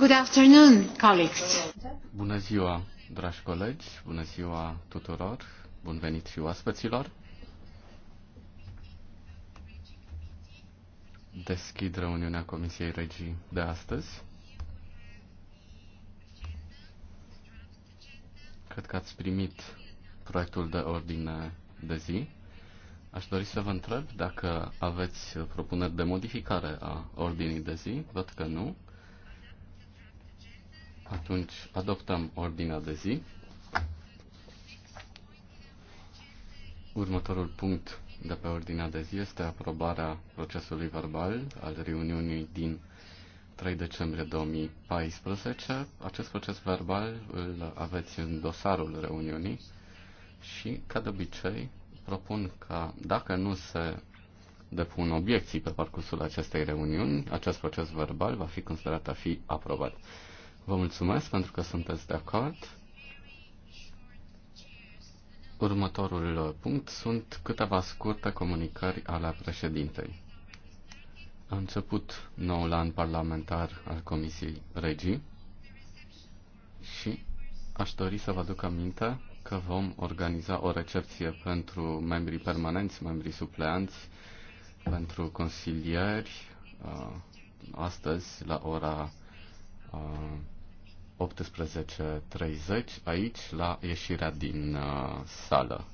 Good afternoon, colleagues. Bună ziua, dragi colegi, bună ziua tuturor, bun venit și oaspeților. Deschid reuniunea Comisiei Regii de astăzi. Cred că ați primit proiectul de ordine de zi. Aș dori să vă întreb dacă aveți propuneri de modificare a ordinii de zi. Văd că nu. Atunci adoptăm ordinea de zi. Următorul punct de pe ordinea de zi este aprobarea procesului verbal al reuniunii din 3 decembrie 2014. Acest proces verbal îl aveți în dosarul reuniunii și, ca de obicei, propun ca, dacă nu se depun obiecții pe parcursul acestei reuniuni, acest proces verbal va fi considerat a fi aprobat. Vă mulțumesc pentru că sunteți de acord. Următorul punct sunt câteva scurte comunicări ale președintei. A început noul an parlamentar al Comisiei Regii și aș dori să vă aduc aminte că vom organiza o recepție pentru membrii permanenți, membrii supleanți, pentru consilieri, uh, astăzi la ora uh, 18.30 aici la ieșirea din uh, sală.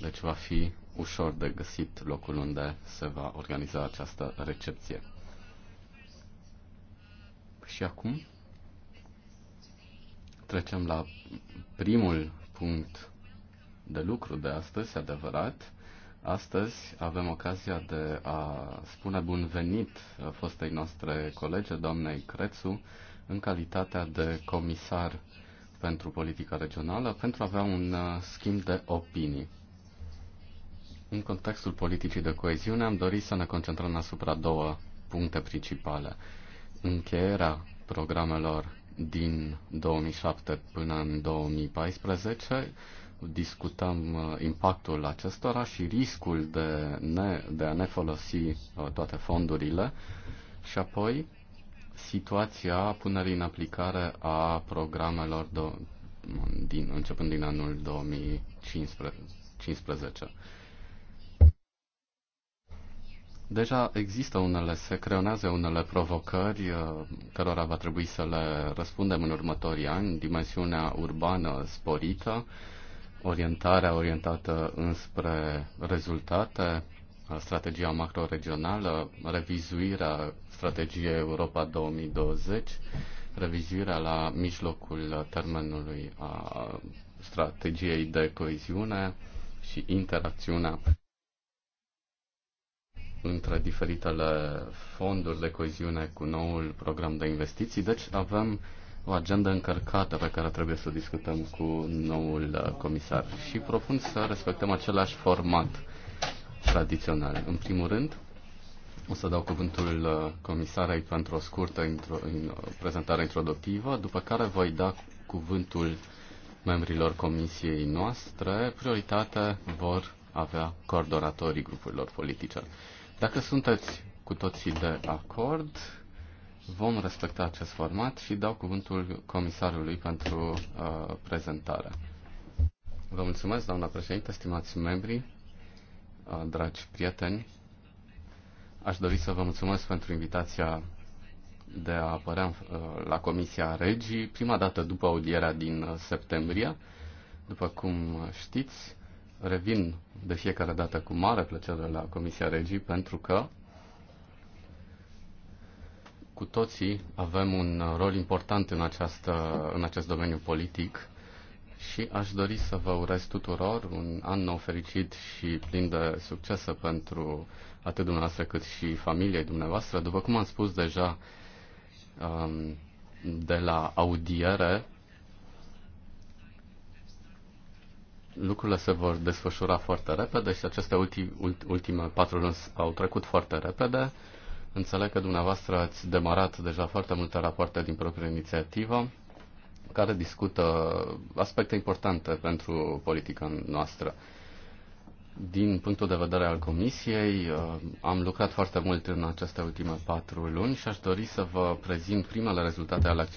Deci va fi ușor de găsit locul unde se va organiza această recepție. Și acum trecem la primul punct de lucru de astăzi, adevărat. Astăzi avem ocazia de a spune bun venit uh, fostei noastre colege, doamnei Crețu, în calitatea de comisar pentru politica regională pentru a avea un uh, schimb de opinii. În contextul politicii de coeziune am dorit să ne concentrăm asupra două puncte principale. Încheierea programelor din 2007 până în 2014 discutăm uh, impactul acestora și riscul de, ne, de a ne folosi uh, toate fondurile și apoi situația punerii în aplicare a programelor do- din, începând din anul 2015. Deja există unele, se creonează unele provocări uh, cărora va trebui să le răspundem în următorii ani, dimensiunea urbană sporită, orientarea orientată înspre rezultate, strategia macroregională, revizuirea strategiei Europa 2020, revizuirea la mijlocul termenului a strategiei de coeziune și interacțiunea între diferitele fonduri de coeziune cu noul program de investiții. Deci avem o agendă încărcată pe care trebuie să o discutăm cu noul comisar și propun să respectăm același format tradiționale. În primul rând, o să dau cuvântul uh, comisarei pentru o scurtă intro, uh, prezentare introductivă, după care voi da cuvântul membrilor comisiei noastre. Prioritate vor avea coordonatorii grupurilor politice. Dacă sunteți cu toții de acord, vom respecta acest format și dau cuvântul comisarului pentru uh, prezentare. Vă mulțumesc, doamna președinte, stimați membri. Uh, dragi prieteni. Aș dori să vă mulțumesc pentru invitația de a apărea uh, la Comisia Regii, prima dată după audierea din uh, septembrie. După cum știți, revin de fiecare dată cu mare plăcere la Comisia Regii pentru că cu toții avem un rol important în, această, în acest domeniu politic și aș dori să vă urez tuturor un an nou fericit și plin de succese pentru atât dumneavoastră cât și familiei dumneavoastră. După cum am spus deja um, de la audiere, lucrurile se vor desfășura foarte repede și aceste ulti, ultime patru luni au trecut foarte repede. Înțeleg că dumneavoastră ați demarat deja foarte multe rapoarte din proprie inițiativă care discută aspecte importante pentru politica noastră. Din punctul de vedere al Comisiei, uh, am lucrat foarte mult în aceste ultime patru luni și aș dori să vă prezint primele rezultate ale,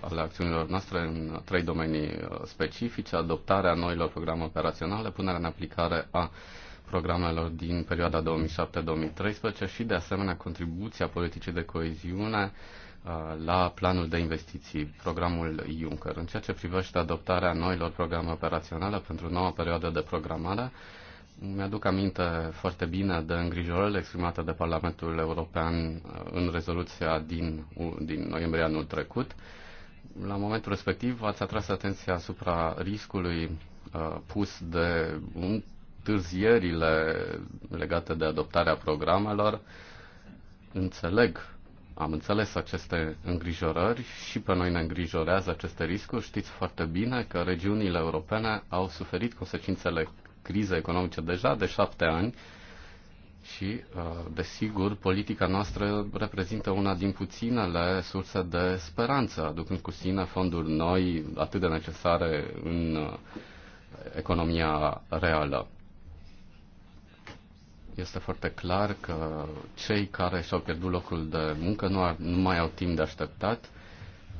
ale acțiunilor noastre în trei domenii uh, specifice, adoptarea noilor programe operaționale, punerea în aplicare a programelor din perioada 2007-2013 și, de asemenea, contribuția politicii de coeziune Uh, la planul de investiții, programul Juncker. În ceea ce privește adoptarea noilor programe operaționale pentru noua perioadă de programare, mi-aduc aminte foarte bine de îngrijorările exprimate de Parlamentul European uh, în rezoluția din, din noiembrie anul trecut. La momentul respectiv ați atras atenția asupra riscului uh, pus de întârzierile legate de adoptarea programelor. Înțeleg am înțeles aceste îngrijorări și pe noi ne îngrijorează aceste riscuri. Știți foarte bine că regiunile europene au suferit consecințele crizei economice deja de șapte ani și, uh, desigur, politica noastră reprezintă una din puținele surse de speranță, aducând cu sine fonduri noi atât de necesare în uh, economia reală. Este foarte clar că cei care și-au pierdut locul de muncă nu, ar, nu mai au timp de așteptat.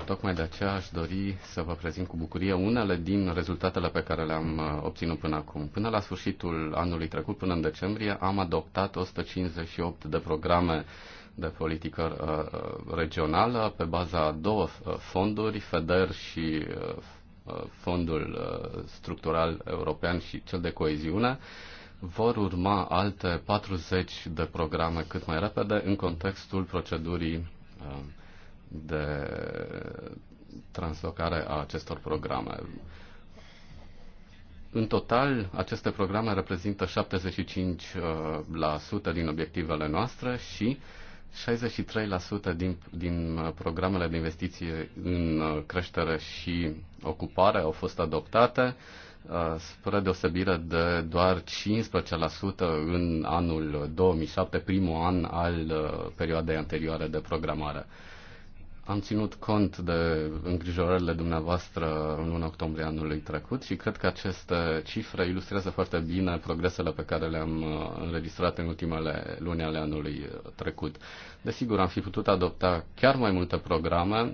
Tocmai de aceea aș dori să vă prezint cu bucurie unele din rezultatele pe care le-am uh, obținut până acum. Până la sfârșitul anului trecut, până în decembrie, am adoptat 158 de programe de politică uh, uh, regională pe baza a două fonduri, FEDER și Fondul Structural European și cel de coeziune vor urma alte 40 de programe cât mai repede în contextul procedurii uh, de translocare a acestor programe. În total, aceste programe reprezintă 75% uh, din obiectivele noastre și 63% din, din uh, programele de investiție în creștere și ocupare au fost adoptate. Uh, spre deosebire de doar 15% în anul 2007, primul an al uh, perioadei anterioare de programare. Am ținut cont de îngrijorările dumneavoastră în 1 octombrie anului trecut și cred că aceste cifre ilustrează foarte bine progresele pe care le-am uh, înregistrat în ultimele luni ale anului trecut. Desigur, am fi putut adopta chiar mai multe programe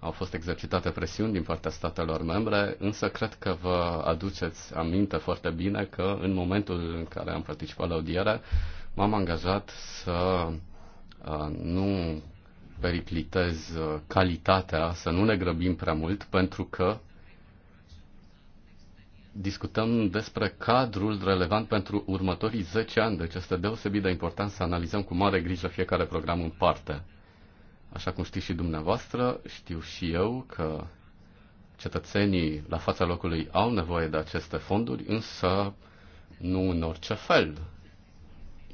au fost exercitate presiuni din partea statelor membre, însă cred că vă aduceți aminte foarte bine că în momentul în care am participat la audiere, m-am angajat să uh, nu periclitez uh, calitatea, să nu ne grăbim prea mult, pentru că discutăm despre cadrul relevant pentru următorii 10 ani, deci este deosebit de important să analizăm cu mare grijă fiecare program în parte. Așa cum știți și dumneavoastră, știu și eu că cetățenii la fața locului au nevoie de aceste fonduri, însă nu în orice fel.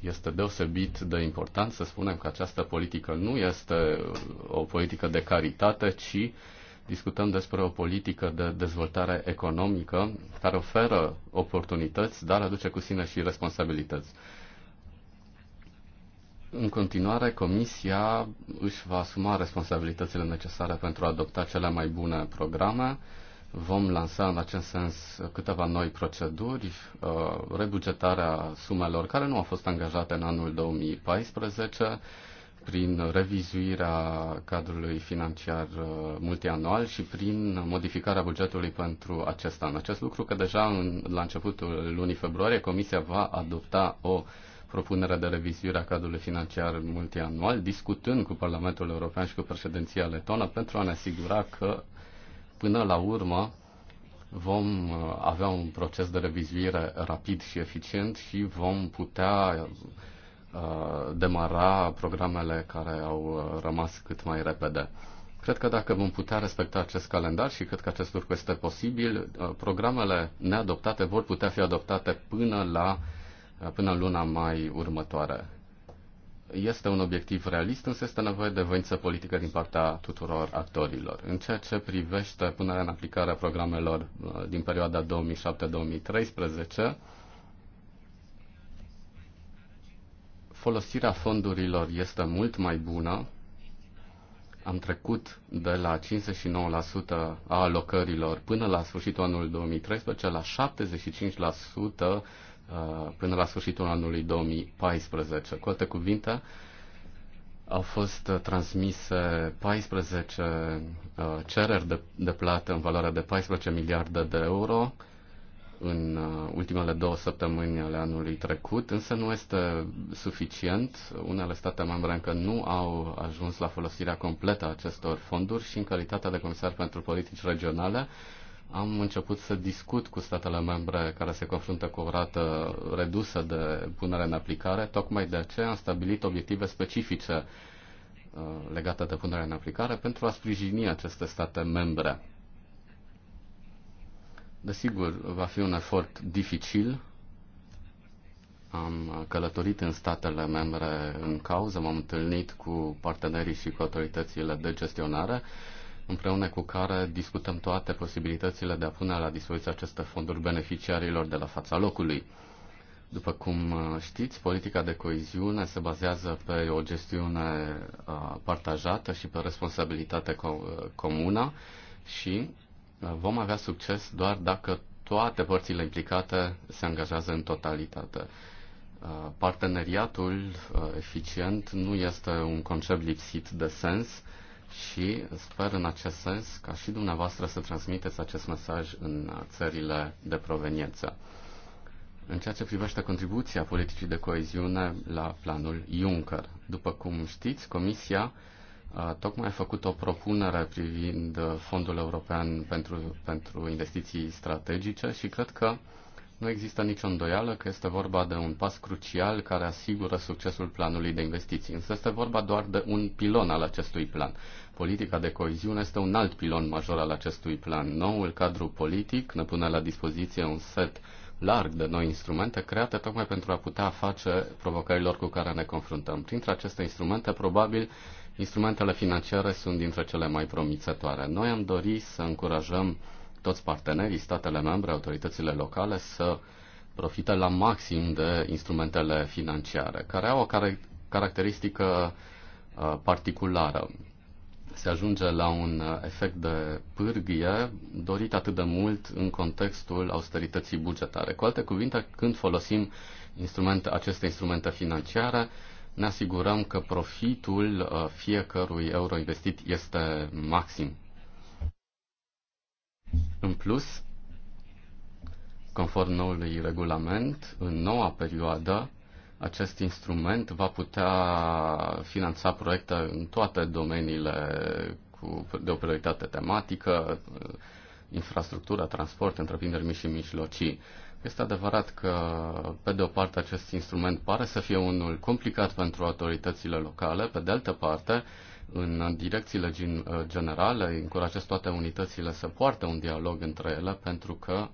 Este deosebit de important să spunem că această politică nu este o politică de caritate, ci discutăm despre o politică de dezvoltare economică care oferă oportunități, dar aduce cu sine și responsabilități. În continuare, Comisia își va asuma responsabilitățile necesare pentru a adopta cele mai bune programe. Vom lansa în acest sens câteva noi proceduri, uh, rebugetarea sumelor care nu au fost angajate în anul 2014, prin revizuirea cadrului financiar uh, multianual și prin modificarea bugetului pentru acest an. Acest lucru că deja în, la începutul lunii februarie Comisia va adopta o propunerea de revizuire a cadrului financiar multianual, discutând cu Parlamentul European și cu președinția letonă pentru a ne asigura că până la urmă vom uh, avea un proces de revizuire rapid și eficient și vom putea uh, demara programele care au uh, rămas cât mai repede. Cred că dacă vom putea respecta acest calendar și cred că acest lucru este posibil, programele neadoptate vor putea fi adoptate până la până în luna mai următoare. Este un obiectiv realist, însă este nevoie de voință politică din partea tuturor actorilor. În ceea ce privește punerea în aplicare a programelor uh, din perioada 2007-2013, folosirea fondurilor este mult mai bună. Am trecut de la 59% a alocărilor până la sfârșitul anului 2013 la 75% Uh, până la sfârșitul anului 2014. Cu alte cuvinte, au fost uh, transmise 14 uh, cereri de, de plată în valoare de 14 miliarde de euro în ultimele două săptămâni ale anului trecut, însă nu este suficient. Unele state membre încă nu au ajuns la folosirea completă a acestor fonduri și în calitate de comisar pentru politici regionale am început să discut cu statele membre care se confruntă cu o rată redusă de punere în aplicare. Tocmai de aceea am stabilit obiective specifice uh, legate de punerea în aplicare pentru a sprijini aceste state membre. Desigur, va fi un efort dificil. Am călătorit în statele membre în cauză, m-am întâlnit cu partenerii și cu autoritățile de gestionare împreună cu care discutăm toate posibilitățile de a pune la dispoziție aceste fonduri beneficiarilor de la fața locului. După cum uh, știți, politica de coeziune se bazează pe o gestiune uh, partajată și pe responsabilitate uh, comună și vom avea succes doar dacă toate părțile implicate se angajează în totalitate. Parteneriatul eficient nu este un concept lipsit de sens, și sper în acest sens ca și dumneavoastră să transmiteți acest mesaj în țările de proveniență. În ceea ce privește contribuția politicii de coeziune la planul Juncker, după cum știți, Comisia tocmai a făcut o propunere privind Fondul European pentru, pentru Investiții Strategice și cred că nu există nicio îndoială că este vorba de un pas crucial care asigură succesul planului de investiții, însă este vorba doar de un pilon al acestui plan. Politica de coeziune este un alt pilon major al acestui plan. Noul cadru politic ne pune la dispoziție un set larg de noi instrumente create tocmai pentru a putea face provocărilor cu care ne confruntăm. Printre aceste instrumente, probabil, instrumentele financiare sunt dintre cele mai promițătoare. Noi am dorit să încurajăm toți partenerii, statele membre, autoritățile locale să profite la maxim de instrumentele financiare, care au o caracteristică uh, particulară se ajunge la un uh, efect de pârghie dorit atât de mult în contextul austerității bugetare. Cu alte cuvinte, când folosim instrumente, aceste instrumente financiare, ne asigurăm că profitul uh, fiecărui euro investit este maxim. În plus, conform noului regulament, în noua perioadă, acest instrument va putea finanța proiecte în toate domeniile cu, de o prioritate tematică, infrastructura, transport, întreprinderi mici și mijlocii. Este adevărat că, pe de o parte, acest instrument pare să fie unul complicat pentru autoritățile locale, pe de altă parte, în direcțiile generale, încurajez toate unitățile să poartă un dialog între ele, pentru că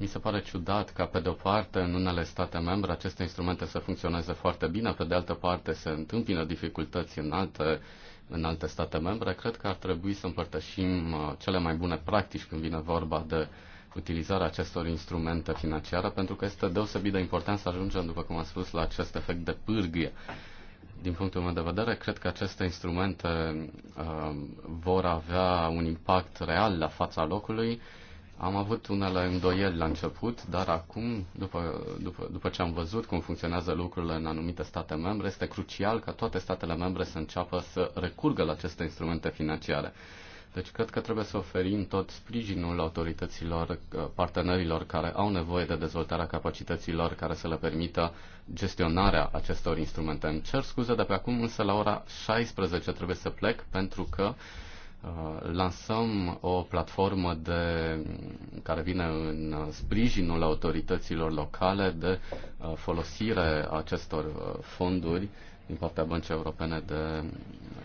mi se pare ciudat ca, pe de-o parte, în unele state membre aceste instrumente să funcționeze foarte bine, pe de altă parte se întâmpină dificultăți în alte, în alte state membre. Cred că ar trebui să împărtășim uh, cele mai bune practici când vine vorba de utilizarea acestor instrumente financiare, pentru că este deosebit de important să ajungem, după cum am spus, la acest efect de pârghie. Din punctul meu de vedere, cred că aceste instrumente uh, vor avea un impact real la fața locului am avut unele îndoieli la început, dar acum, după, după, după ce am văzut cum funcționează lucrurile în anumite state membre, este crucial ca toate statele membre să înceapă să recurgă la aceste instrumente financiare. Deci cred că trebuie să oferim tot sprijinul autorităților, uh, partenerilor care au nevoie de dezvoltarea capacităților care să le permită gestionarea acestor instrumente. Îmi cer scuze de pe acum, însă la ora 16 trebuie să plec pentru că Uh, lansăm o platformă de, care vine în sprijinul autorităților locale de uh, folosire a acestor uh, fonduri din partea Băncii Europene de,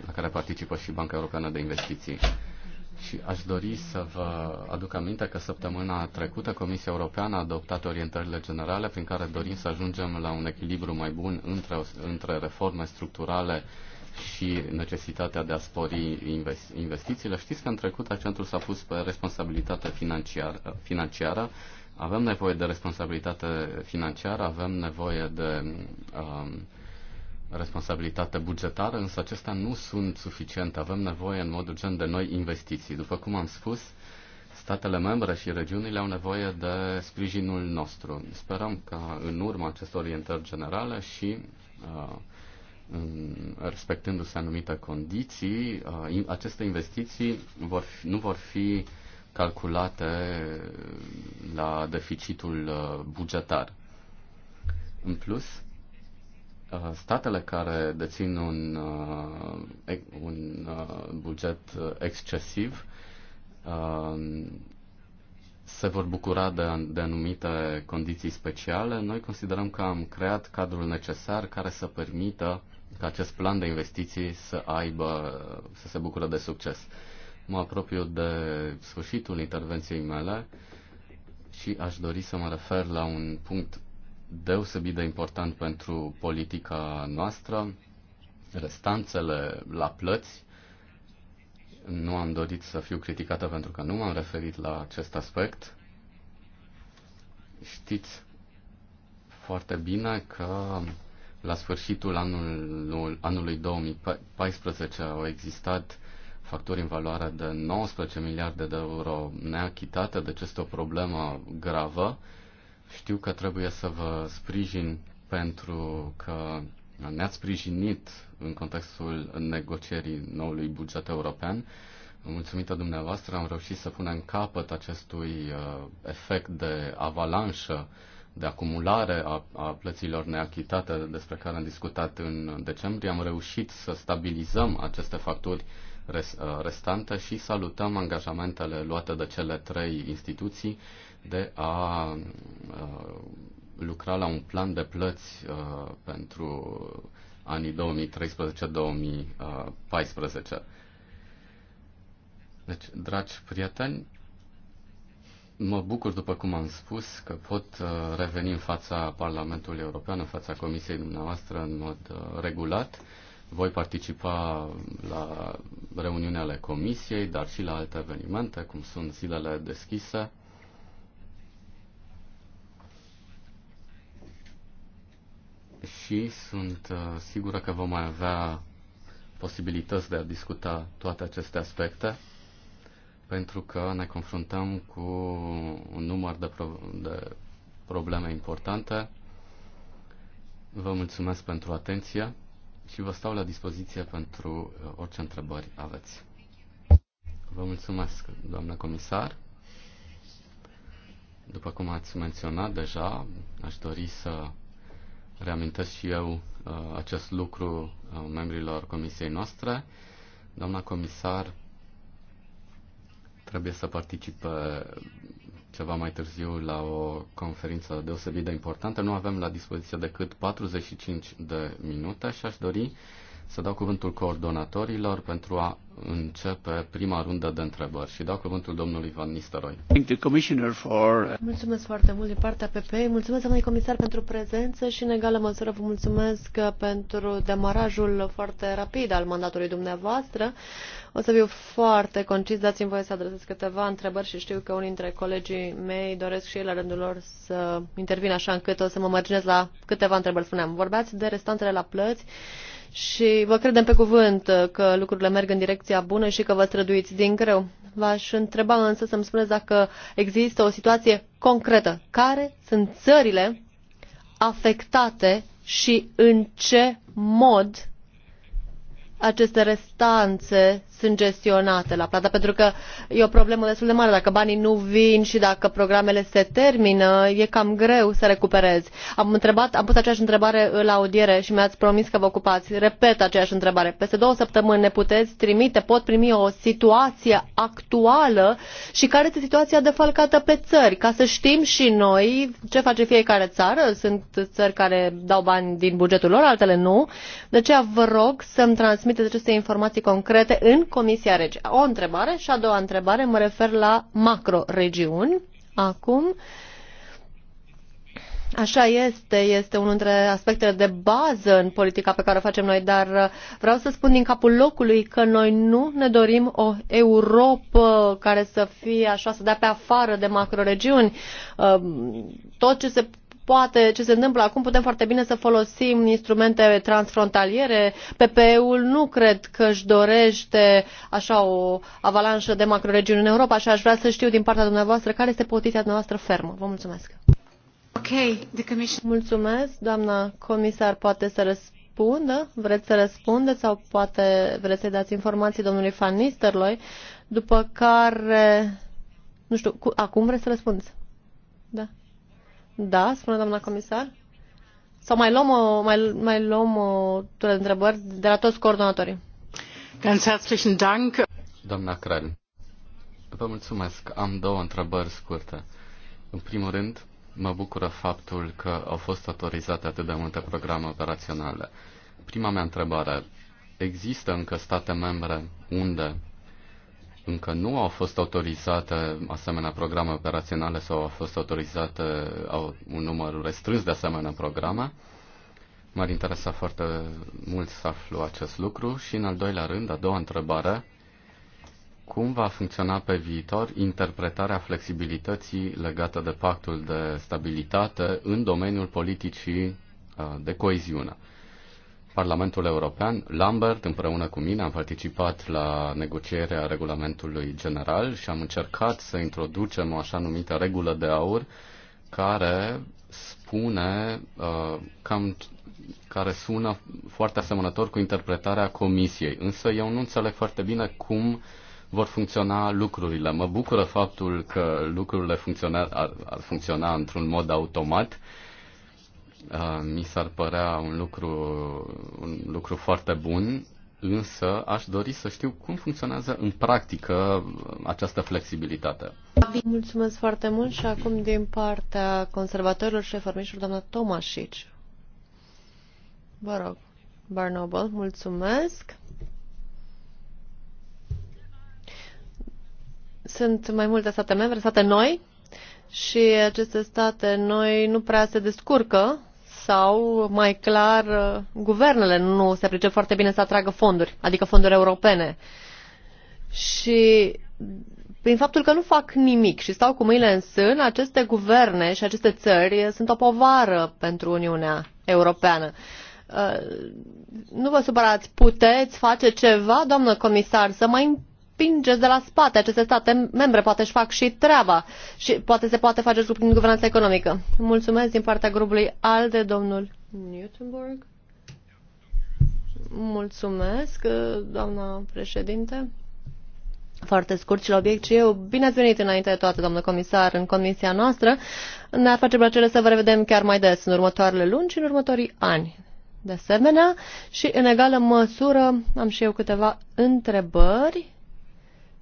la care participă și Banca Europeană de Investiții. Și aș dori să vă aduc aminte că săptămâna trecută Comisia Europeană a adoptat orientările generale prin care dorim să ajungem la un echilibru mai bun între, între reforme structurale uh, și necesitatea de a spori investițiile. Știți că în trecut accentul s-a pus pe responsabilitatea financiară, financiară. Avem nevoie de responsabilitate financiară, avem nevoie de um, responsabilitate bugetară, însă acestea nu sunt suficiente. Avem nevoie în mod urgent de noi investiții. După cum am spus, statele membre și regiunile au nevoie de sprijinul nostru. Sperăm că în urma acestor orientări generale și uh, Mm, respectându-se anumite condiții, uh, aceste investiții vor fi, nu vor fi calculate la deficitul uh, bugetar. În plus, uh, statele care dețin un, un buget excesiv se vor bucura de, de anumite condiții speciale. Noi considerăm că am creat cadrul necesar care să permită ca acest plan de investiții să aibă, să se bucură de succes. Mă apropiu de sfârșitul intervenției mele și aș dori să mă refer la un punct deosebit de important pentru politica noastră, restanțele la plăți. Nu am dorit să fiu criticată pentru că nu m-am referit la acest aspect. Știți foarte bine că la sfârșitul anul, anului 2014 au existat facturi în valoare de 19 miliarde de euro neachitate, deci este o problemă gravă. Știu că trebuie să vă sprijin pentru că ne-ați sprijinit în contextul negocierii noului buget european. Mulțumită dumneavoastră am reușit să punem capăt acestui uh, efect de avalanșă de acumulare a, a plăților neachitate despre care am discutat în decembrie, am reușit să stabilizăm aceste facturi uh, restante și salutăm angajamentele luate de cele trei instituții de a uh, lucra la un plan de plăți uh, pentru anii 2013-2014. Deci, dragi prieteni, Mă bucur, după cum am spus, că pot uh, reveni în fața Parlamentului European, în fața Comisiei dumneavoastră, în mod uh, regulat. Voi participa la reuniunea ale Comisiei, dar și la alte evenimente, cum sunt zilele deschise. Și sunt uh, sigură că vom mai avea posibilități de a discuta toate aceste aspecte pentru că ne confruntăm cu un număr de, pro- de probleme importante. Vă mulțumesc pentru atenție și vă stau la dispoziție pentru uh, orice întrebări aveți. Vă mulțumesc, doamnă comisar. După cum ați menționat deja, aș dori să reamintesc și eu uh, acest lucru uh, membrilor comisiei noastre. Doamna comisar trebuie să participe ceva mai târziu la o conferință deosebit de importantă. Nu avem la dispoziție decât 45 de minute și aș dori să dau cuvântul coordonatorilor pentru a începe prima rundă de întrebări și dau cuvântul domnului Van Nistelrooy. Uh, mulțumesc foarte mult din partea PPE. Mulțumesc, domnule comisar, pentru prezență și, în egală măsură, vă mulțumesc uh, pentru demarajul foarte rapid al mandatului dumneavoastră. O să fiu foarte concis, dați-mi voie să adresez câteva întrebări și știu că unii dintre colegii mei doresc și ei la rândul lor să intervină așa încât o să mă marginez la câteva întrebări, spuneam. Vorbeați de restantele la plăți și vă credem pe cuvânt că lucrurile merg în direcția bună și că vă străduiți din greu. V-aș întreba însă să-mi spuneți dacă există o situație concretă. Care sunt țările afectate și în ce mod aceste restanțe sunt gestionate la plata, pentru că e o problemă destul de mare. Dacă banii nu vin și dacă programele se termină, e cam greu să recuperezi. Am, întrebat, am pus aceeași întrebare la audiere și mi-ați promis că vă ocupați. Repet aceeași întrebare. Peste două săptămâni ne puteți trimite, pot primi o situație actuală și care este situația defalcată pe țări, ca să știm și noi ce face fiecare țară. Sunt țări care dau bani din bugetul lor, altele nu. De aceea vă rog să-mi transmiteți aceste informații concrete în Comisia Rege. O întrebare și a doua întrebare mă refer la macro-regiuni. Acum, Așa este, este unul dintre aspectele de bază în politica pe care o facem noi, dar vreau să spun din capul locului că noi nu ne dorim o Europa care să fie așa, să dea pe afară de macroregiuni. Ă, tot ce se poate ce se întâmplă acum putem foarte bine să folosim instrumente transfrontaliere. ppe ul nu cred că își dorește așa o avalanșă de macroregiuni în Europa și aș vrea să știu din partea dumneavoastră care este poziția noastră fermă. Vă mulțumesc. the commission. Mulțumesc. Doamna comisar poate să răspundă. Vreți să răspundeți sau poate vreți să dați informații domnului Van Nistelrooy, după care, nu știu, cu, acum vreți să răspundeți? Da. Da, spune doamna comisar. Sau mai luăm o, uh, mai, mai luăm o tură de întrebări de la toți coordonatorii. Ganz herzlichen Dank. Doamna Kral, vă mulțumesc. Am două întrebări scurte. În primul rând, mă bucură faptul că au fost autorizate atât de multe programe operaționale. Prima mea întrebare, există încă state membre unde încă nu au fost autorizate asemenea programe operaționale sau au fost autorizate au un număr restrâns de asemenea programe. M-ar interesa foarte mult să aflu acest lucru și, în al doilea rând, a doua întrebare, cum va funcționa pe viitor interpretarea flexibilității legată de pactul de stabilitate în domeniul politicii uh, de coeziune? Parlamentul European, Lambert, împreună cu mine, am participat la negocierea regulamentului general și am încercat să introducem o așa numită regulă de aur care spune uh, cam care sună foarte asemănător cu interpretarea comisiei. Însă eu nu înțeleg foarte bine cum vor funcționa lucrurile. Mă bucură faptul că lucrurile funcționa, ar, ar funcționa într-un mod automat, uh, Uh, mi s-ar părea un lucru, un lucru foarte bun, însă aș dori să știu cum funcționează în practică această flexibilitate. Mulțumesc foarte mult și acum din partea conservatorilor și reformiștilor, doamna Tomașici. Vă rog, Barnobel, mulțumesc. Sunt mai multe state membre, state noi, și aceste state noi nu prea se descurcă sau, mai clar, uh, guvernele nu se pricep foarte bine să atragă fonduri, adică fonduri europene. Și prin faptul că nu fac nimic și stau cu mâinile în sân, aceste guverne și aceste țări sunt o povară pentru Uniunea Europeană. Uh, nu vă supărați, puteți face ceva, doamnă comisar, să mai respingeți de la spate aceste state membre, poate își fac și treaba și poate se poate face lucru prin guvernanța economică. Mulțumesc din partea grupului ALDE, domnul Newtonburg. Mulțumesc, doamna președinte. Foarte scurt și la obiect și eu. Bine ați venit înainte de toate, doamnă comisar, în comisia noastră. Ne-ar face plăcere să vă revedem chiar mai des în următoarele luni și în următorii ani. De asemenea, și în egală măsură am și eu câteva întrebări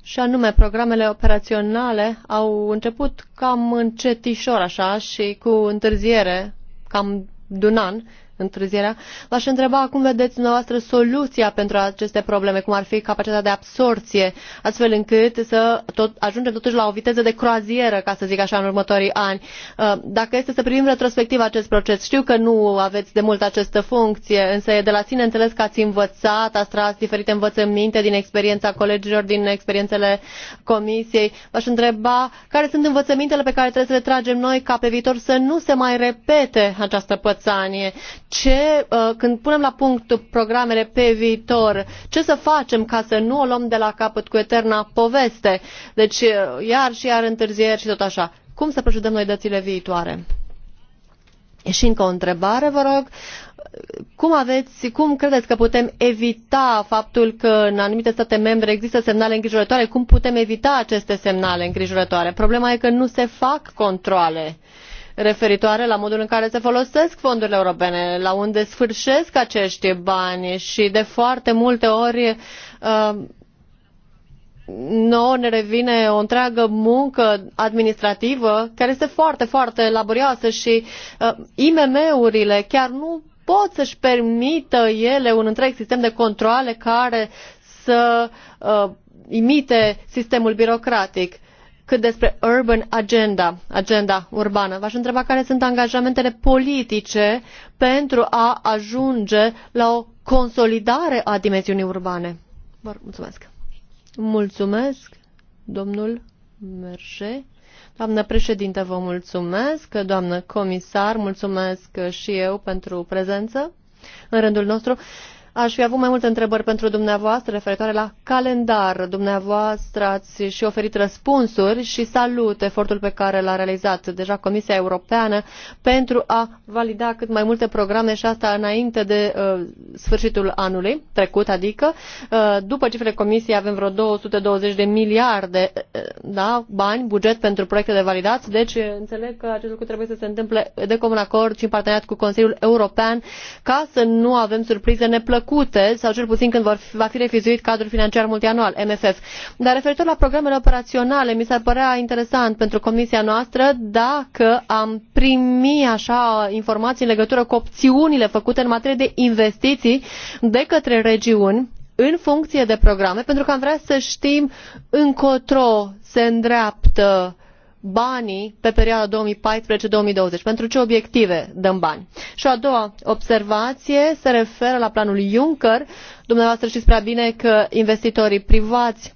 și anume programele operaționale au început cam încetișor așa și cu întârziere, cam de un an, întârzierea. V-aș întreba cum vedeți dumneavoastră soluția pentru aceste probleme, cum ar fi capacitatea de absorție, astfel încât să tot, ajungem totuși la o viteză de croazieră, ca să zic așa, în următorii ani. Uh, dacă este să privim retrospectiv acest proces, știu că nu aveți de mult această funcție, însă e de la sine înțeles că ați învățat, ați tras diferite învățăminte din experiența colegilor, din experiențele comisiei. V-aș întreba care sunt învățămintele pe care trebuie să le tragem noi ca pe viitor să nu se mai repete această pățanie ce, uh, când punem la punct programele pe viitor, ce să facem ca să nu o luăm de la capăt cu eterna poveste? Deci, uh, iar și iar întârzieri și tot așa. Cum să procedăm noi dățile viitoare? Și încă o întrebare, vă rog. Cum aveți, cum credeți că putem evita faptul că în anumite state membre există semnale îngrijorătoare? Cum putem evita aceste semnale îngrijorătoare? Problema e că nu se fac controle. Uh, referitoare la modul în care se folosesc fondurile europene, la unde sfârșesc acești bani și de foarte multe ori uh, nouă ne revine o întreagă muncă administrativă care este foarte, foarte laborioasă și uh, IMM-urile chiar nu pot să-și permită ele un întreg sistem de controle care să uh, imite sistemul birocratic. Uh, cât despre urban agenda, agenda urbană. V-aș întreba care sunt angajamentele politice pentru a ajunge la o consolidare a dimensiunii urbane. Vă mulțumesc. Mulțumesc, domnul Merge. Doamnă președinte, vă mulțumesc, doamnă comisar, mulțumesc și eu pentru prezență în rândul nostru. Aș fi avut mai multe întrebări pentru dumneavoastră referitoare la calendar. Dumneavoastră ați și oferit răspunsuri și salut efortul pe care l-a realizat deja Comisia Europeană pentru a valida cât mai multe programe și asta înainte de uh, sfârșitul anului trecut, adică uh, după cifrele Comisiei avem vreo 220 de miliarde uh, da, bani, buget pentru proiecte de validați, deci uh, înțeleg că acest lucru trebuie să se întâmple de comun acord și în parteneriat cu Consiliul European ca să nu avem surprize neplăcute făcute sau cel puțin când va fi revizuit cadrul financiar multianual MFF. Dar referitor la programele operaționale, mi s-ar părea interesant pentru comisia noastră dacă am primi așa informații în legătură cu opțiunile făcute în materie de investiții de către regiuni în funcție de programe, pentru că am vrea să știm încotro se îndreaptă uh, banii pe perioada 2014-2020? Pentru ce obiective dăm bani? Și a doua observație se referă la planul Juncker. Dumneavoastră știți prea bine că investitorii privați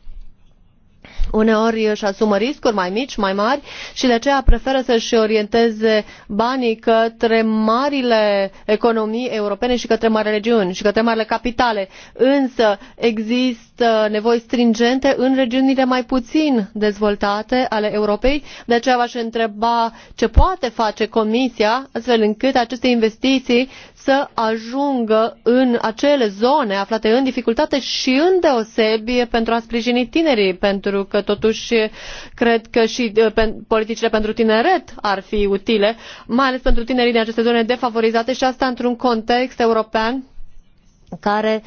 uneori își asumă riscuri mai mici, mai mari și de aceea preferă să-și orienteze banii către marile economii europene și către marile regiuni și către marile capitale. Însă există nevoi stringente în regiunile mai puțin dezvoltate ale Europei. De aceea v-aș întreba ce poate face Comisia astfel încât aceste investiții să ajungă în acele zone aflate în dificultate și îndeosebi pentru a sprijini tinerii, pentru că că totuși cred că și politicile pentru tineret ar fi utile, mai ales pentru tinerii din aceste zone defavorizate și asta într-un context european care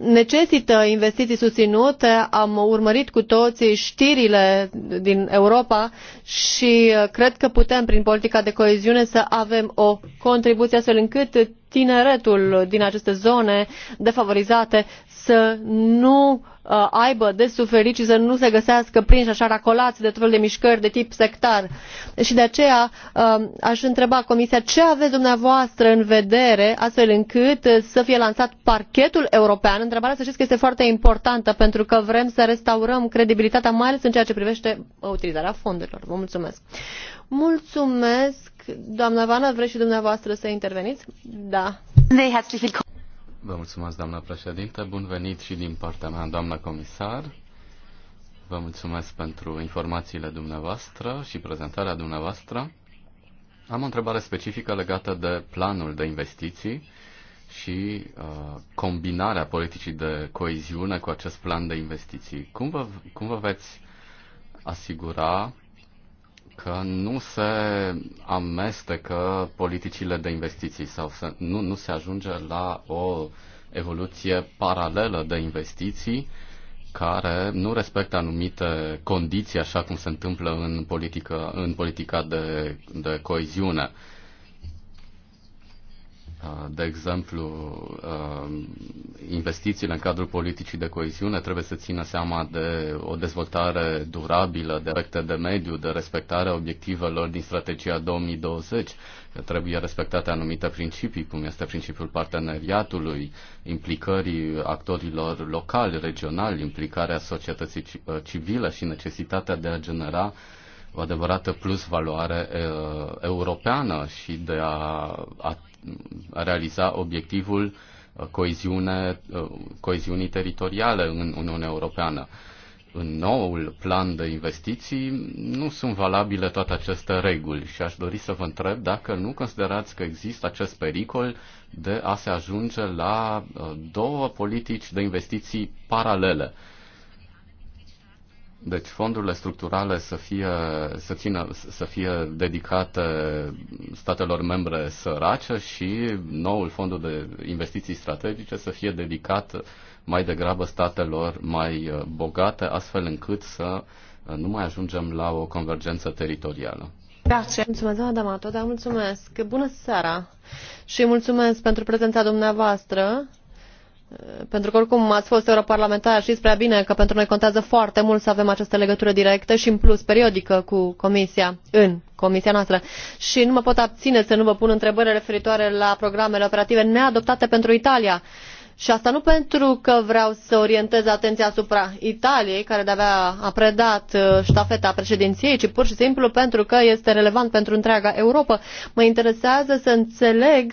necesită investiții susținute. Am urmărit cu toții știrile din Europa și cred că putem, prin politica de coeziune, să avem o contribuție astfel încât tineretul din aceste zone defavorizate să nu uh, aibă de suferit și să nu se găsească prinși așa racolați de tot felul de mișcări de tip sectar. Și de aceea uh, aș întreba Comisia ce aveți dumneavoastră în vedere astfel încât uh, să fie lansat parchetul european. Întrebarea să știți că este foarte importantă pentru că vrem să restaurăm credibilitatea, mai ales în ceea ce privește utilizarea fondurilor. Vă mulțumesc. Mulțumesc. Doamna Vana, vreți și dumneavoastră să interveniți? Da. Vă mulțumesc, doamna președinte. Bun venit și din partea mea, doamna comisar. Vă mulțumesc pentru informațiile dumneavoastră și prezentarea dumneavoastră. Am o întrebare specifică legată de planul de investiții și uh, combinarea politicii de coeziune cu acest plan de investiții. Cum vă, cum vă veți asigura că nu se amestecă politicile de investiții sau să, nu, nu se ajunge la o evoluție paralelă de investiții care nu respectă anumite condiții, așa cum se întâmplă în, politică, în politica de, de coeziune. Uh, Uh, de exemplu, uh, investițiile în cadrul politicii de coeziune trebuie să țină seama de o dezvoltare durabilă, de efecte de mediu, de respectarea obiectivelor din strategia 2020. Trebuie respectate anumite principii, cum este principiul parteneriatului, implicării actorilor locali, regionali, implicarea societății uh, civile și necesitatea de a genera uh, o adevărată plusvaloare uh, europeană și de a, a, a realiza obiectivul coeziune, uh, coeziunii teritoriale în Uniunea Europeană. În noul plan de investiții nu sunt valabile toate aceste reguli și aș dori să vă întreb dacă nu considerați că există acest pericol de a se ajunge la două politici de investiții paralele deci fondurile structurale să fie, să, țină, să fie dedicate statelor membre sărace și noul fondul de investiții strategice să fie dedicat mai degrabă statelor mai uh, bogate, astfel încât să uh, nu mai ajungem la o convergență teritorială. Mulțumesc, doamna Damato, dar mulțumesc. Bună seara și mulțumesc pentru prezența dumneavoastră pentru că oricum ați fost europarlamentar știți prea bine că pentru noi contează foarte mult să avem această legătură directă și în plus periodică cu comisia în comisia noastră și nu mă pot abține să nu vă pun întrebări referitoare la programele operative neadoptate pentru italia și asta nu pentru că vreau să orientez atenția asupra Italiei, care de-abia a predat uh, ștafeta președinției, ci pur și simplu pentru că este relevant pentru întreaga Europa. Mă interesează să înțeleg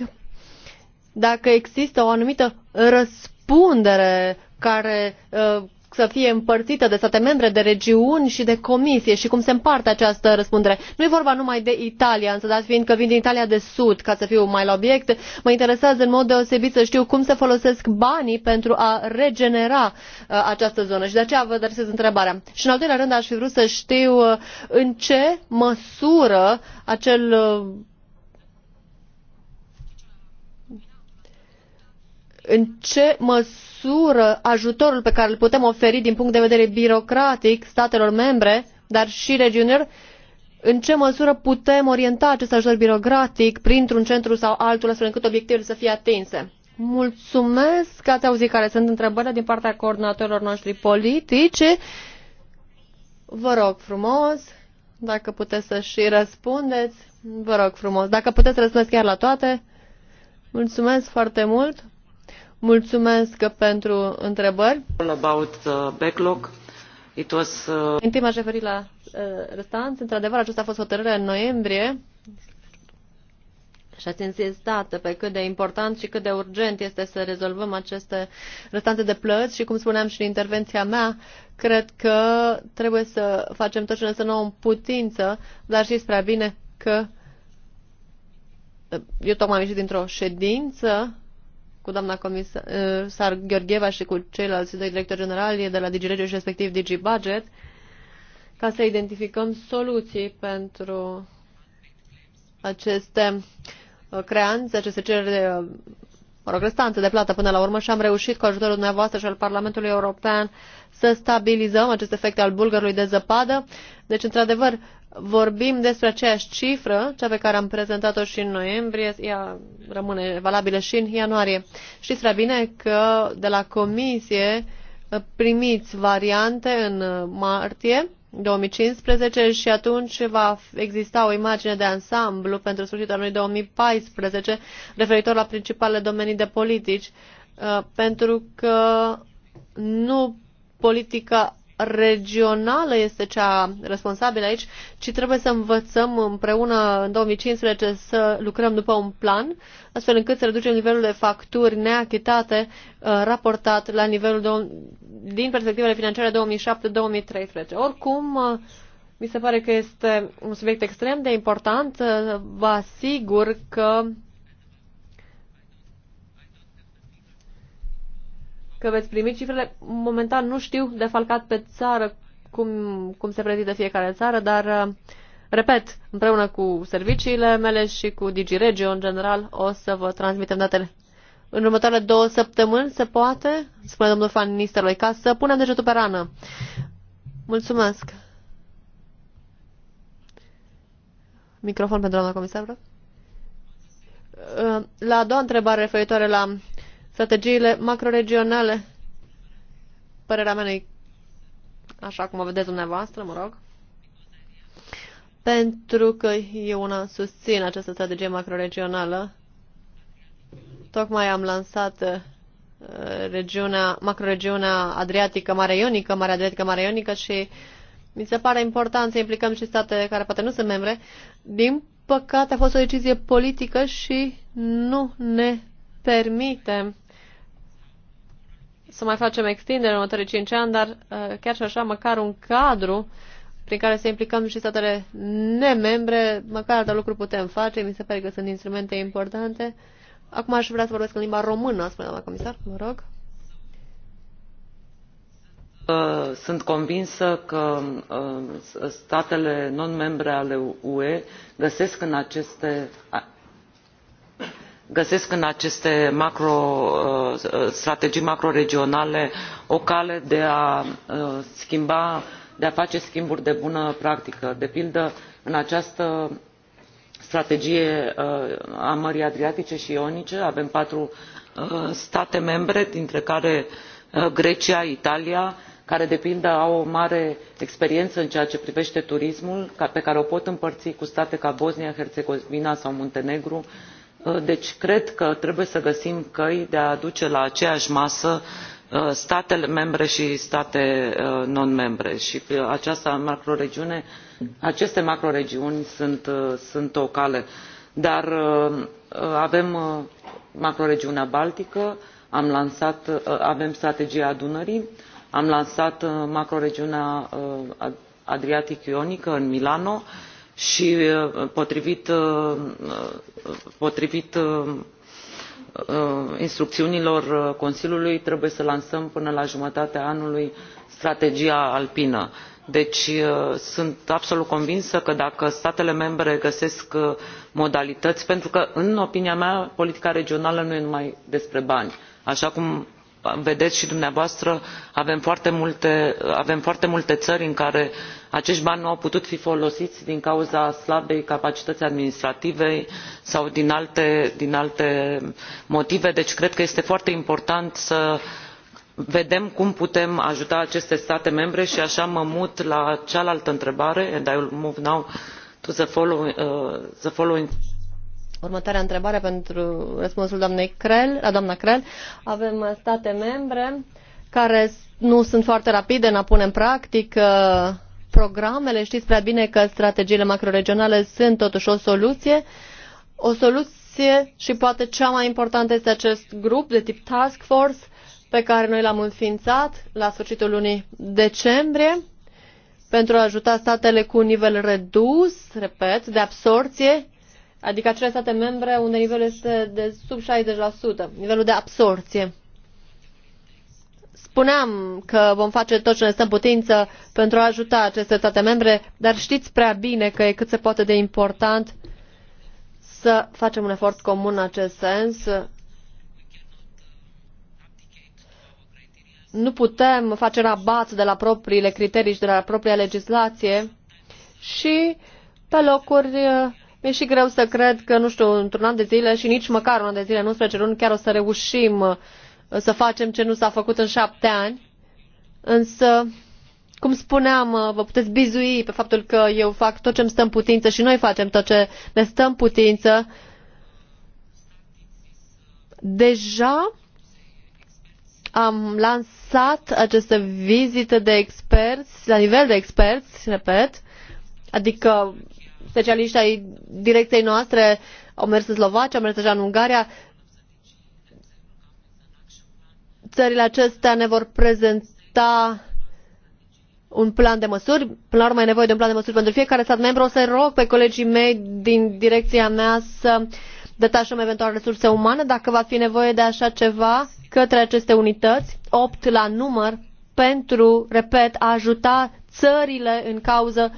dacă există o anumită răspundere care uh, să fie împărțită de state membre, de regiuni și de comisie și cum se împarte această răspundere. Nu e vorba numai de Italia, însă dat fiind că vin din Italia de Sud, ca să fiu mai la obiect, mă interesează în mod deosebit să știu cum se folosesc banii pentru a regenera uh, această zonă și de aceea vă adresez întrebarea. Și în al doilea rând aș fi vrut să știu uh, în ce măsură acel uh, în ce măsură ajutorul pe care îl putem oferi din punct de vedere birocratic statelor membre, dar și regiunilor, în ce măsură putem orienta acest ajutor birocratic printr-un centru sau altul, astfel încât obiectivele să fie atinse. Mulțumesc că ați auzit care sunt întrebările din partea coordonatorilor noștri politici. Vă rog frumos, dacă puteți să și răspundeți, vă rog frumos, dacă puteți răspundeți chiar la toate. Mulțumesc foarte mult. Mulțumesc pentru întrebări. About the backlog. It was, uh... În timp aș referi la uh, restanți. Într-adevăr, aceasta a fost hotărârea în noiembrie și ați insistat pe cât de important și cât de urgent este să rezolvăm aceste restante de plăți și, cum spuneam și în intervenția mea, cred că trebuie să facem tot ce ne nouă în putință, dar și spre bine că uh, eu tocmai am ieșit dintr-o ședință cu doamna comisar uh, Gheorgheva și cu ceilalți doi directori generali de la DigiRegio și respectiv DigiBudget ca să identificăm soluții pentru aceste uh, creanțe, aceste cereri de uh, mă rog, restanțe de plată până la urmă și am reușit cu ajutorul dumneavoastră și al Parlamentului European să stabilizăm acest efect al bulgărului de zăpadă. Deci, într-adevăr, vorbim despre aceeași cifră, cea pe care am prezentat-o și în noiembrie, ea rămâne valabilă și în ianuarie. Știți prea bine că de la comisie primiți variante în martie 2015 și atunci va exista o imagine de ansamblu pentru sfârșitul anului 2014 referitor la principalele domenii de politici, uh, pentru că nu politica regională este cea responsabilă aici, ci trebuie să învățăm împreună în 2015 să lucrăm după un plan, astfel încât să reducem nivelul de facturi neachitate uh, raportat la nivelul de, din perspectivele financiare 2007-2013. Oricum, uh, mi se pare că este un subiect extrem de important. Uh, vă asigur că că veți primi cifrele. Momentan nu știu de falcat pe țară cum, cum se prezintă fiecare țară, dar uh, repet, împreună cu serviciile mele și cu DigiRegio în general o să vă transmitem datele. În următoarele două săptămâni se poate, spune domnul Fan Nistelui, ca să punem degetul pe rană. Mulțumesc. Microfon pentru doamna comisar, vreau? Uh, la a doua întrebare referitoare la strategiile macroregionale. Părerea mea e așa cum o vedeți dumneavoastră, mă rog. Pentru că eu una susțin această strategie macroregională. Tocmai am lansat uh, regiunea, macroregiunea Adriatică, Mare Ionică, Mare Adriatică, Mare Ionică și mi se pare important să implicăm și state care poate nu sunt membre. Din păcate a fost o decizie politică și nu ne permitem să mai facem extindere în următorii 5 ani, dar uh, chiar și așa, măcar un cadru prin care să implicăm și statele nemembre, măcar alte lucruri putem face, mi se pare că sunt instrumente importante. Acum aș vrea să vorbesc în limba română, spune doamna comisar, vă rog. Uh, sunt convinsă că uh, statele non-membre ale UE găsesc în aceste găsesc în aceste uh, uh, strategii macroregionale o cale de a uh, schimba de a face schimburi de bună practică de pildă în această strategie a mării adriatice și ionice avem patru state membre dintre care grecia italia care de pildă au o mare experiență în ceea ce privește turismul pe care o pot împărți cu state ca bosnia herțegovina sau muntenegru și Uh, deci cred că trebuie să găsim căi de a aduce la aceeași masă uh, statele membre și statele uh, non membre și această macroregiune aceste macroregiuni sunt, sunt o cale dar avem macroregiunea baltică am lansat, avem strategia dunării am lansat macroregiunea adriatic ionică în milano și și uh, potrivit, uh, uh, potrivit instrucțiunilor consiliului trebuie să lansăm până la jumătatea anului strategia alpină deci sunt absolut convinsă că dacă statele membre găsesc modalități pentru că în opinia mea politica regională nu e numai despre bani așa cum vedeți și dumneavoastră avem foarte multe, avem foarte multe țări în care acești bani nu au putut fi folosiți din cauza slabei capacități administrative sau din alte, motive deci cred că este foarte important să vedem cum putem ajuta aceste state membre și așa mă mut la cealaltă întrebare and i will move now to the following uh, Următoarea întrebare pentru răspunsul doamnei Crel, la doamna Crel. Avem state membre care nu sunt foarte rapide în a pune în practică programele. Știți prea bine că strategiile macroregionale sunt totuși o soluție. O soluție și poate cea mai importantă este acest grup de tip task force pe care noi l-am înființat la sfârșitul lunii decembrie pentru a ajuta statele cu un nivel redus, repet, de absorție adică acele state membre unde nivelul este de sub 60%, nivelul de absorție. Spuneam că vom face tot ce ne stă în putință pentru a ajuta aceste state membre, dar știți prea bine că e cât se poate de important să facem un efort comun în acest sens. Nu putem face rabat de la propriile criterii și de la propria legislație și pe locuri mi-e și greu să cred că, nu știu, într-un an de zile și nici măcar un an de zile, în 11 luni, chiar o să reușim uh, să facem ce nu s-a făcut în șapte ani. Însă, cum spuneam, uh, vă puteți bizui pe faptul că eu fac tot ce îmi stă în putință și noi facem tot ce ne stă în putință. Deja am lansat aceste vizite de experți, la nivel de experți, repet, adică specialiști ai direcției noastre au mers în Slovacia, au mers deja în Ungaria. Țările acestea ne vor prezenta un plan de măsuri. Până la urmă e nevoie de un plan de măsuri pentru fiecare stat membru. O să rog pe colegii mei din direcția mea să detașăm eventual resurse umane, dacă va fi nevoie de așa ceva, către aceste unități, opt la număr, pentru, repet, a ajuta țările în cauză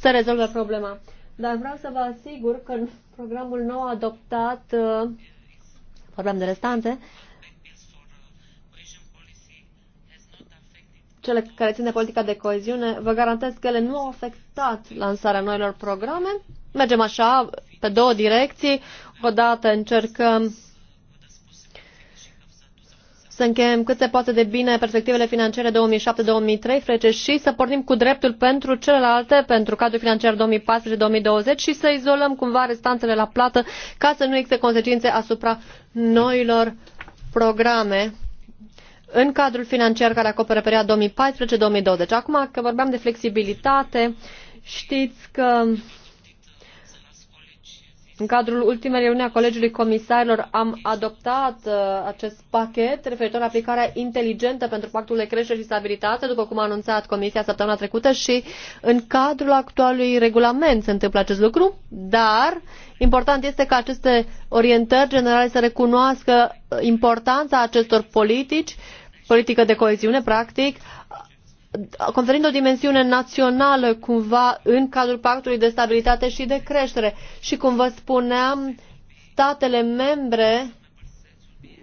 să rezolve problema dar vreau să vă asigur că în programul nou adoptat, uh, vorbeam de restanțe, cele care țin de politica de coeziune, vă garantez că ele nu au afectat lansarea noilor programe. Mergem așa, pe două direcții. Odată încercăm să încheiem cât se poate de bine perspectivele financiare 2007-2013 și să pornim cu dreptul pentru celelalte, pentru cadrul financiar 2014-2020 și să izolăm cumva restanțele la plată ca să nu existe consecințe asupra noilor programe în cadrul financiar care acoperă perioada 2014-2020. Acum că vorbeam de flexibilitate, știți că în cadrul ultimei reuniuni a Colegiului Comisarilor am adoptat uh, acest pachet referitor la aplicarea inteligentă pentru pactul de creștere și stabilitate, după cum a anunțat Comisia săptămâna trecută și în cadrul actualului regulament se întâmplă acest lucru, dar important este ca aceste orientări generale să recunoască importanța acestor politici, politică de coeziune, practic, conferind o dimensiune națională cumva în cadrul pactului de stabilitate și de creștere. Și cum vă spuneam, statele membre,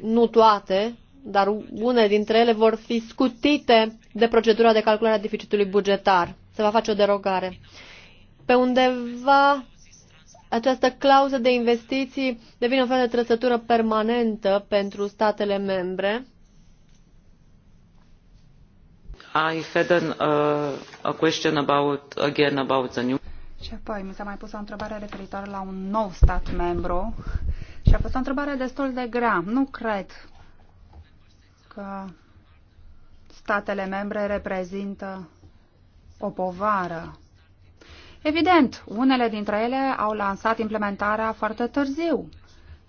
nu toate, dar unele dintre ele vor fi scutite de procedura de calculare a deficitului bugetar. Se va face o derogare. Pe undeva această clauză de investiții devine o fel de trăsătură permanentă pentru statele membre I had an, uh, a question about, again, about the new... Și apoi mi s-a mai pus o întrebare referitoare la un nou stat membru și a fost o întrebare destul de grea. Nu cred că statele membre reprezintă o povară. Evident, unele dintre ele au lansat implementarea foarte târziu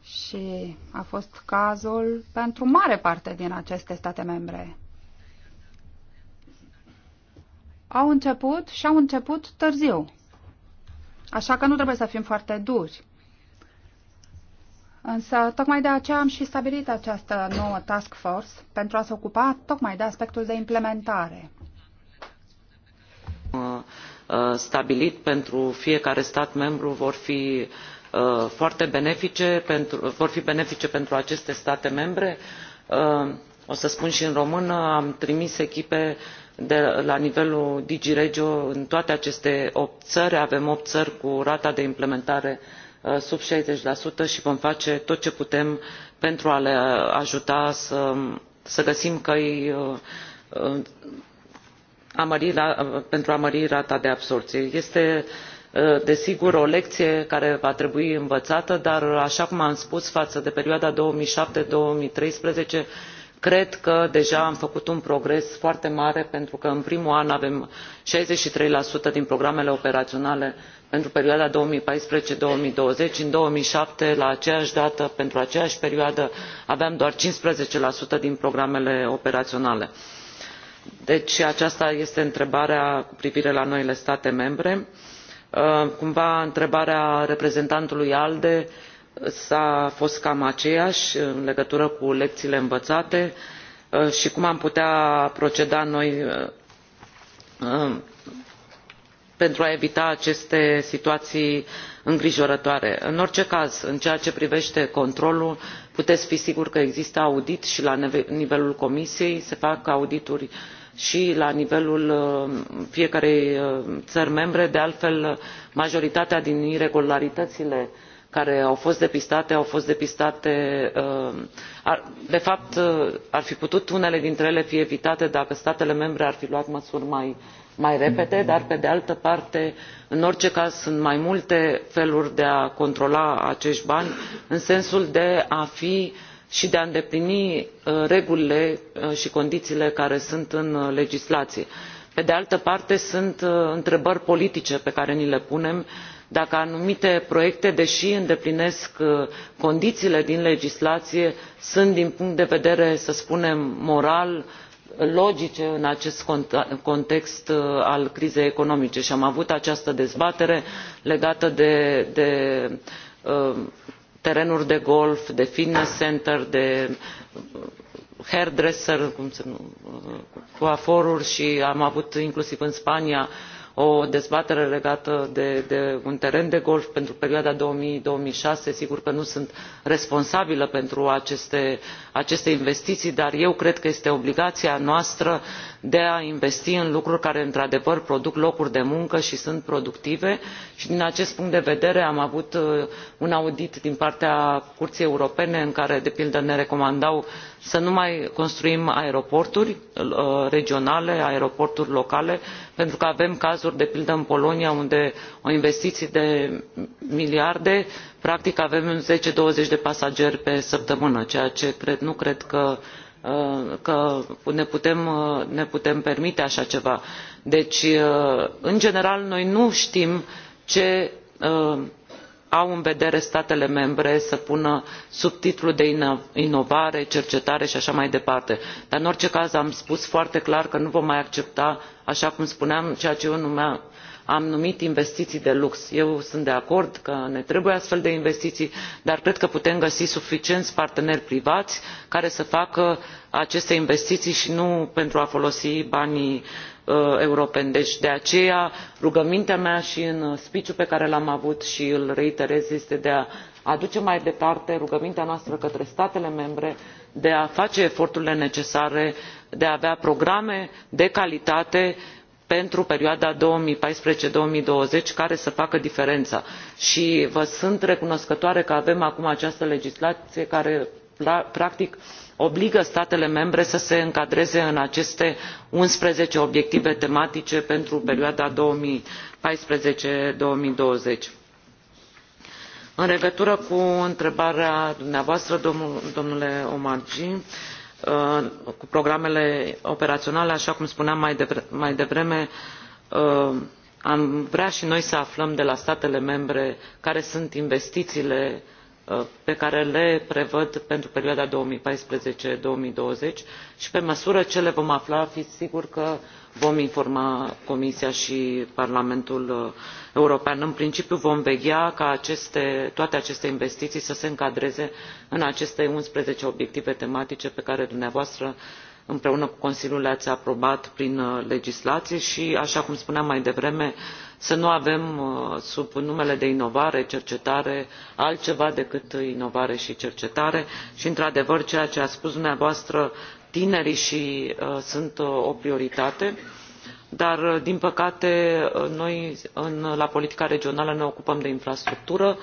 și a fost cazul pentru mare parte din aceste state membre. au început și au început târziu. Așa că nu trebuie să fim foarte duri. Însă, tocmai de aceea am și stabilit această nouă task force pentru a se ocupa tocmai de aspectul de implementare. Uh, stabilit pentru fiecare stat membru vor fi uh, foarte benefice pentru, vor fi benefice pentru aceste state membre. Uh, o să spun și în română, am trimis echipe de, la nivelul dg regio în toate aceste opt țări avem opt țări cu rata de implementare uh, sub șaizeci și vom face tot ce putem pentru a le ajuta să, găsim căi uh, uh, pentru a mări rata de absorbție. este desigur o lecție care va trebui învățată dar așa cum am spus față de perioada două mii șapte două mii treisprezece cred că deja am făcut un progres foarte mare pentru că în primul an avem șaizeci și trei din programele operaționale pentru perioada două mii paisprezece două mii douăzeci în două mii șapte la aceeași dată pentru aceeași perioadă aveam doar cincisprezece din programele operaționale. deci aceasta este întrebarea cu privire la noile state membre. Uh, cumva întrebarea reprezentantului alde a fost cam aceeași în legătură cu lecțiile învăate uh, și cum am putea proceda noi uh, uh, pentru a evita aceste situații îngrijorătoare. în orice caz în ceea ce privește controlul puteți fi sigur că există audit și la nivelul comisiei se fac audituri și la nivelul fiecărei ări membre de altfel majoritatea din iregularităile care au fost depistate au fost depistate uh, de fapt uh, ar fi putut unele dintre ele fi evitate dacă statele membre ar fi luat măsuri mai, repede mm-hmm. dar pe de altă parte în orice caz sunt mai multe feluri de a controla acești bani în sensul de a fi și de a îndeplini uh, regulile și condițiile care sunt în legislație. pe de altă parte sunt întrebări politice pe care ni le punem dacă anumite proiecte deși îndeplinesc uh, condițiile din legislație sunt din punct de vedere să spunem moral logice în acest context uh, al crizei economice și am avut această dezbatere legată de, uh, terenuri de golf de fitness center de hairdresser coaforuri și am avut inclusiv în spania o dezbatere legată de, un teren de golf pentru perioada două mii două mii șase sigur că nu sunt responsabilă pentru aceste, aceste investiții dar eu cred că este obligația noastră să de a investi în lucruri care într adevăr produc locuri de muncă și sunt productive și din acest punct de vedere am avut uh, un audit din partea curții europene în care de pildă ne recomandau să nu mai construim aeroporturi uh, regionale aeroporturi locale pentru că avem cazuri de pildă în polonia unde o investiție de miliarde practic avem zece douăzeci de pasageri pe săptămână ceea ce cred, nu cred că Uh, că ne putem, uh, ne putem permite așa ceva. deci uh, în general noi nu știm ce au în vedere statele membre să pună sub titlul de inovare cercetare și așa mai departe dar în orice caz am spus foarte clar că nu vom mai accepta așa cum spuneam ceea ce eu numeam am numit investiții de lux. eu sunt de acord că ne trebuie astfel de investiții dar cred că putem găsi suficienți parteneri privați care să facă aceste investiții și nu pentru a folosi banii uh, europeni. deci de aceea rugămintea mea și în speech ul pe care l am avut și îl reiterez este de a aduce mai departe rugămintea noastră către statele membre de a face eforturile necesare de a avea programe de calitate pentru perioada două mii paisprezece două mii douăzeci care să facă diferența și vă sunt recunoscătoare că avem acum această legislație care practic obligă statele membre să se încadreze în aceste unsprezece obiective tematice pentru perioada două mii paisprezece două mii douăzeci în legătură cu întrebarea dumneavoastră domnule omarjee Uh, cu programele operaționale, așa cum spuneam mai, devreme, uh, am vrea și noi să aflăm de la statele membre care sunt investițiile Uh, pe care le prevăd pentru perioada două mii paisprezece două mii douăzeci și pe măsură ce le vom afla fiți siguri că vom informa comisia și parlamentul uh, european. în principiu vom veghea ca toate aceste investiții să se încadreze în aceste unsprezece obiective tematice pe care dumneavoastră le împreună cu consiliul le ați aprobat prin uh, legislație și așa cum spuneam mai devreme să nu avem uh, sub numele de inovare cercetare altceva decât inovare și cercetare și într adevăr ceea ce ați spus dumneavoastră tinerii și uh, sunt o prioritate dar din păcate noi în, la politica regională ne ocupăm de infrastructură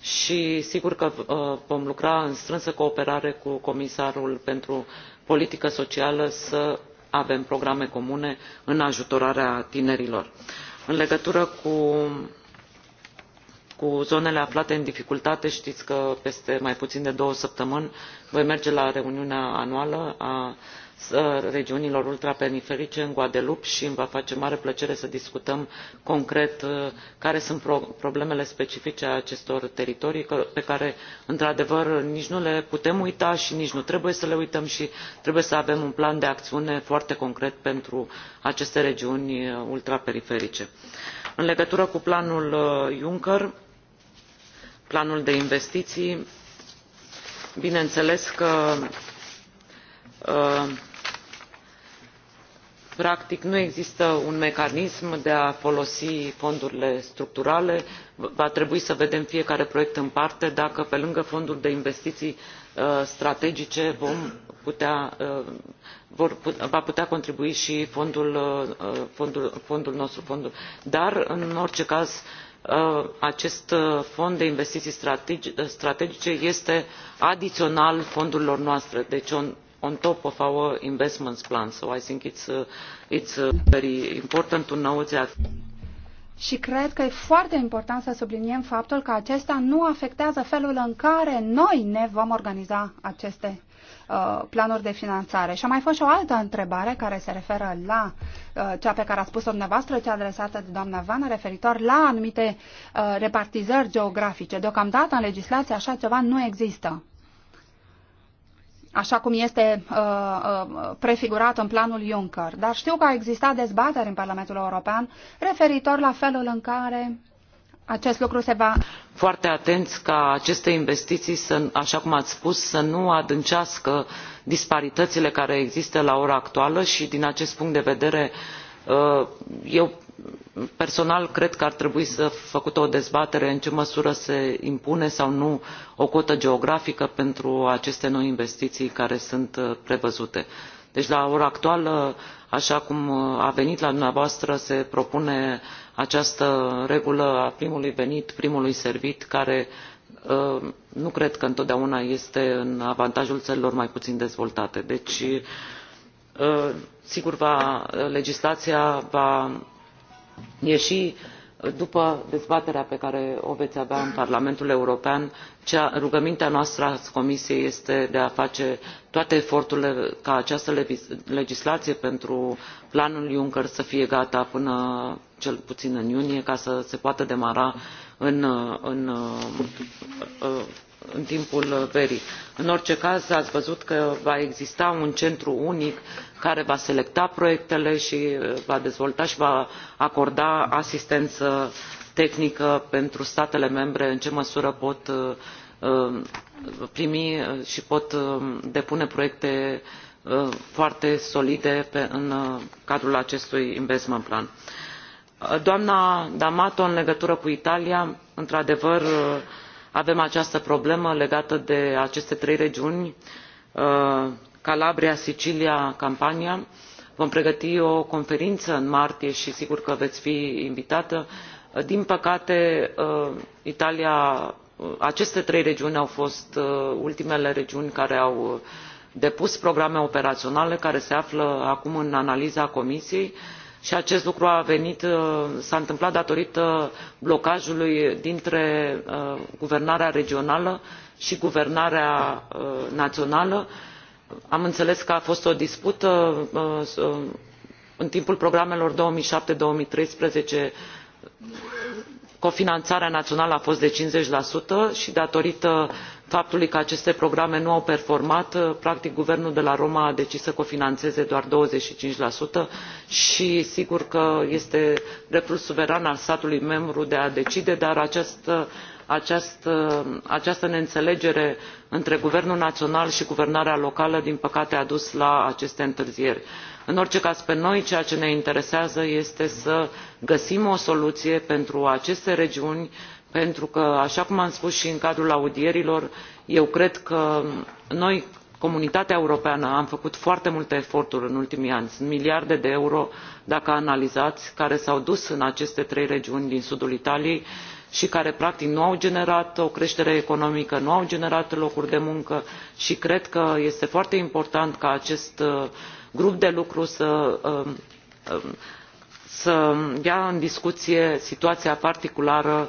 și sigur că vom lucra în strânsă cooperare cu comisarul pentru politică socială să avem programe comune în ajutorarea tinerilor. în legătură cu cu zonele aflate în dificultate știți că peste mai puțin de două săptămâni voi merge la reuniunea anuală a regiunilor ultraperiferice în guadeloupe și îmi va face mare plăcere să discutăm concret uh, care sunt problemele specifice acestor teritorii pe care într adevăr nici nu le putem uita și nici nu trebuie să le uităm și trebuie să avem un plan de acțiune foarte concret pentru aceste regiuni uh, ultraperiferice. în legătură cu planul uh, juncker planul de investiții bineînțeles că uh, practic nu există un mecanism de a folosi fondurile structurale va trebui să vedem fiecare proiect în parte dacă pe lângă fondul de investiții uh, strategice uh, va putea contribui și fondul, uh, nostru dar în orice caz acest fond de investiții strategice este adițional fondurilor noastre deci o on top of our investment plan. So I think it's, uh, it's uh, very important to know that. Și cred că e foarte important să subliniem faptul că acesta nu afectează felul în care noi ne vom organiza aceste uh, planuri de finanțare. Și a mai fost și o altă întrebare care se referă la uh, cea pe care a spus-o dumneavoastră, cea adresată de doamna Vană, referitor la anumite uh, repartizări geografice. Deocamdată în legislație așa ceva nu există așa cum este uh, uh, prefigurat în planul Juncker. Dar știu că a existat dezbateri în Parlamentul European referitor la felul în care acest lucru se va... Foarte atenți ca aceste investiții, să, așa cum ați spus, să nu adâncească disparitățile care există la ora actuală și din acest punct de vedere uh, eu personal cred că ar trebui să făcută o dezbatere în ce măsură se impune sau nu o cotă geografică pentru aceste noi investiții care sunt uh, prevăzute. deci la ora actuală așa cum uh, a venit la dumneavoastră se propune această regulă a primului venit primului servit care uh, nu cred că întotdeauna este în avantajul țărilor mai puțin dezvoltate. deci sigur va, legislația va și uh, după dezbaterea pe care o veți avea în parlamentul european rugămintea noastră a comisiei este de a face toate eforturile ca această legislație pentru planul juncker să fie gata până cel puțin în iunie ca să se poată demara în uh, uh, în timpul verii. în orice caz ați văzut că va exista un centru unic care va selecta proiectele și uh, va dezvolta și va acorda asistență tehnică pentru statele membre în ce măsură pot uh, uh, primi și pot depune proiecte foarte solide în cadrul acestui investment plan. doamna damato în legătură cu italia într adevăr avem această problemă legată de aceste trei regiuni uh, calabria sicilia campania vom pregăti o conferință în martie și sigur că veți fi invitată uh, din păcate uh, italia aceste trei regiuni au fost ultimele regiuni care au depus programe operaționale care se află acum în analiza comisiei și și acest lucru a venit uh, s a întâmplat datorită blocajului dintre uh, guvernarea regională și guvernarea uh, națională am înțeles că a fost o dispută în timpul programelor două mii șapte două mii treisprezece cofinanțarea națională a fost de cincizeci și datorită faptului că aceste programe nu au performat uh, practic guvernul de la roma a decis să cofinanțeze doar douăzeci și cinci și sigur că este dreptul suveran al statului membru de a decide dar această această, această neînțelegere între guvernul național și guvernarea locală din păcate a dus la aceste întârzieri. în orice caz pe noi ceea ce ne interesează este să găsim o soluție pentru aceste regiuni pentru că așa cum am spus și în cadrul audierilor eu cred că noi comunitatea europeană am făcut foarte multe eforturi în ultimii ani sunt miliarde de euro dacă analizați care s au dus în aceste trei regiuni din sudul italiei și care practic nu au generat o creștere economică nu au generat locuri de muncă și cred că este foarte important ca acest uh, grup de lucru să um, um, să ia în discuție situația particulară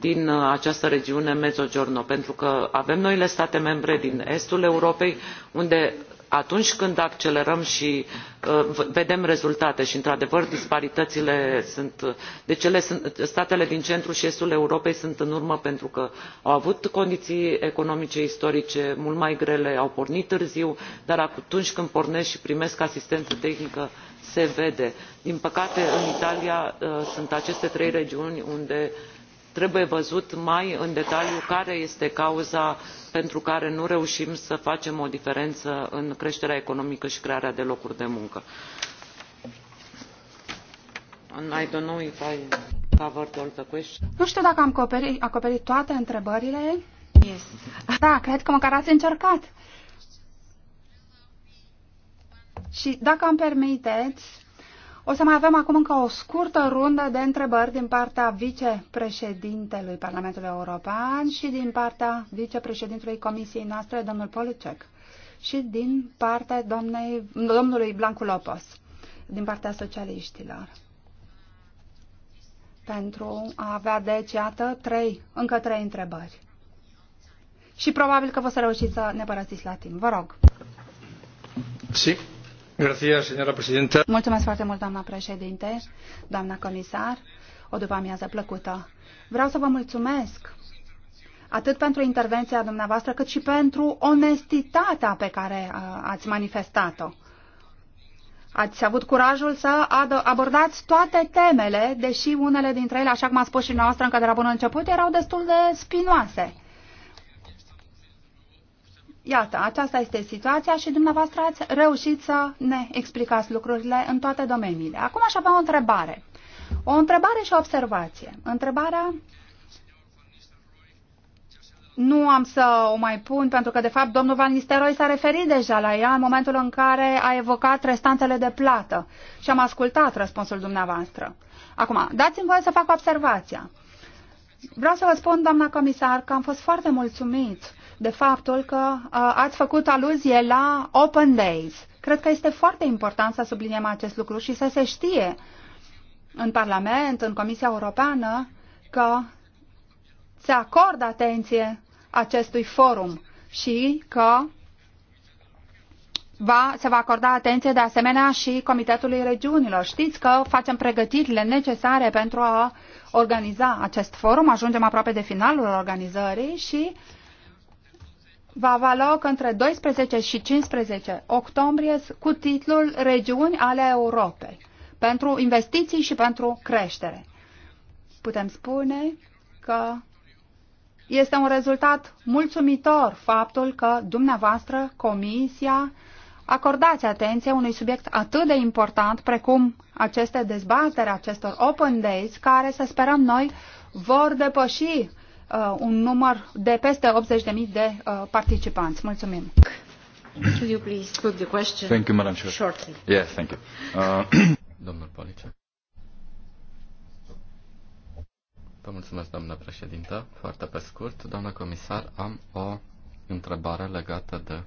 din uh, această regiune mezzogiorno pentru că avem noile state membre din estul europei unde atunci când accelerăm și uh, vedem rezultate și într adevăr disparitățile sunt uh, deci statele din centrul și estul europei sunt în urmă pentru că au avut condiții economice istorice mult mai grele au pornit târziu dar atunci când pornesc și primesc asistență tehnică se vede. din păcate în italia sunt aceste trei regiuni unde trebuie văzut mai în detaliu care este cauza pentru care nu reușim să facem o diferență în creșterea economică și crearea de locuri de muncă. Nu știu dacă am acoperit, acoperit toate întrebările. Yes. Da, cred că măcar ați încercat. Și dacă îmi permiteți, o să mai avem acum încă o scurtă rundă de întrebări din partea vicepreședintelui Parlamentului European și din partea vicepreședintelui Comisiei noastre, domnul Policek, și din partea domnei, domnului Blancu Lopos, din partea socialiștilor. Pentru a avea, deci, iată, trei, încă trei întrebări. Și probabil că vă să reușiți să ne părăsiți la timp. Vă rog. Sí. Mulțumesc foarte mult, doamna președinte, doamna comisar. O după amiază plăcută. Vreau să vă mulțumesc atât pentru intervenția dumneavoastră, cât și pentru onestitatea pe care ați manifestat-o. Ați avut curajul să abordați toate temele, deși unele dintre ele, așa cum a spus și noastră încă de la bun început, erau destul de spinoase. Iată, aceasta este situația și dumneavoastră ați reușit să ne explicați lucrurile în toate domeniile. Acum aș avea o întrebare. O întrebare și o observație. Întrebarea nu am să o mai pun, pentru că, de fapt, domnul Van Nistelrooy s-a referit deja la ea în momentul în care a evocat restanțele de plată și am ascultat răspunsul dumneavoastră. Acum, dați-mi voie să fac observația. Vreau să vă spun, doamna comisar, că am fost foarte mulțumit de faptul că uh, ați făcut aluzie la Open Days. Cred că este foarte important să subliniem acest lucru și să se știe în Parlament, în Comisia Europeană, că se acordă atenție acestui forum și că va, se va acorda atenție de asemenea și Comitetului Regiunilor. Știți că facem pregătirile necesare pentru a organiza acest forum. Ajungem aproape de finalul organizării și va avea loc între 12 și 15 octombrie cu titlul Regiuni ale Europei pentru investiții și pentru creștere. Putem spune că este un rezultat mulțumitor faptul că dumneavoastră, Comisia, acordați atenție unui subiect atât de important precum aceste dezbatere, acestor open days, care, să sperăm noi, vor depăși uh, un număr de peste 80.000 de uh, participanți. Mulțumim! Could you please put the question thank you, Madam Chair. shortly? Yes, thank you. Uh, Domnul Police. Vă mulțumesc, doamnă președintă. Foarte pe scurt, doamnă comisar, am o întrebare legată de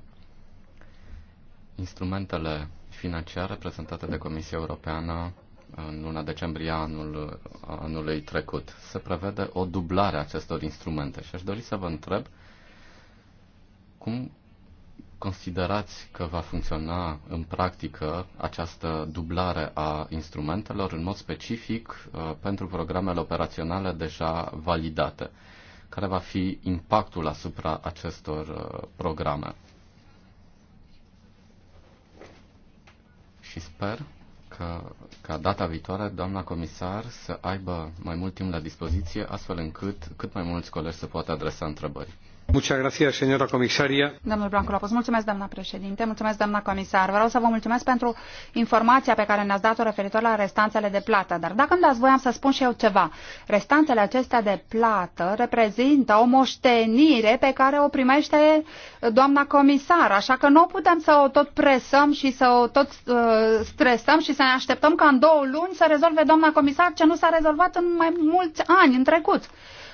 instrumentele financiare prezentate de Comisia Europeană în luna decembrie anul, anului trecut. Se prevede o dublare a acestor instrumente și aș dori să vă întreb cum considerați că va funcționa în practică această dublare a instrumentelor, în mod specific uh, pentru programele operaționale deja validate? Care va fi impactul asupra acestor uh, programe? Și sper ca, ca data viitoare doamna comisar să aibă mai mult timp la dispoziție, astfel încât cât mai mulți colegi să poată adresa întrebări. Muchas gracias, señora comisaria. mulțumesc, doamna președinte, mulțumesc, doamna comisar. Vreau să vă mulțumesc pentru informația pe care ne-ați dat-o referitor la restanțele de plată. Dar dacă îmi dați voie, am să spun și eu ceva. Restanțele acestea de plată reprezintă o moștenire pe care o primește uh, doamna comisar, așa că nu putem să o tot presăm și să o tot uh, stresăm și să ne așteptăm ca în două luni să rezolve doamna comisar ce nu s-a rezolvat în mai mulți ani în trecut.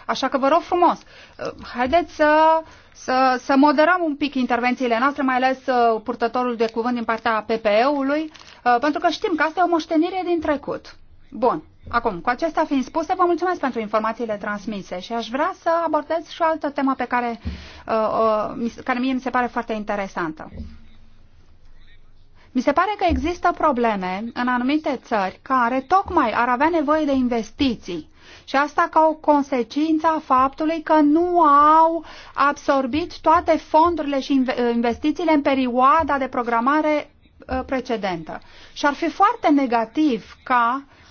Așa că vă rog frumos, uh, haideți să, să, să moderăm un pic intervențiile noastre, mai ales uh, purtătorul de cuvânt din partea PPE-ului, uh, pentru că știm că asta e o moștenire din trecut. Bun. Acum, cu acestea fiind spuse, vă mulțumesc pentru informațiile transmise și aș vrea să abordez și o altă temă pe care, uh, uh, care mie mi se pare foarte interesantă. Mi se pare că există probleme în anumite țări care tocmai ar avea nevoie de investiții și asta ca o consecință a faptului că nu au absorbit toate fondurile și investițiile în perioada de programare uh, precedentă. Și ar fi foarte negativ ca uh,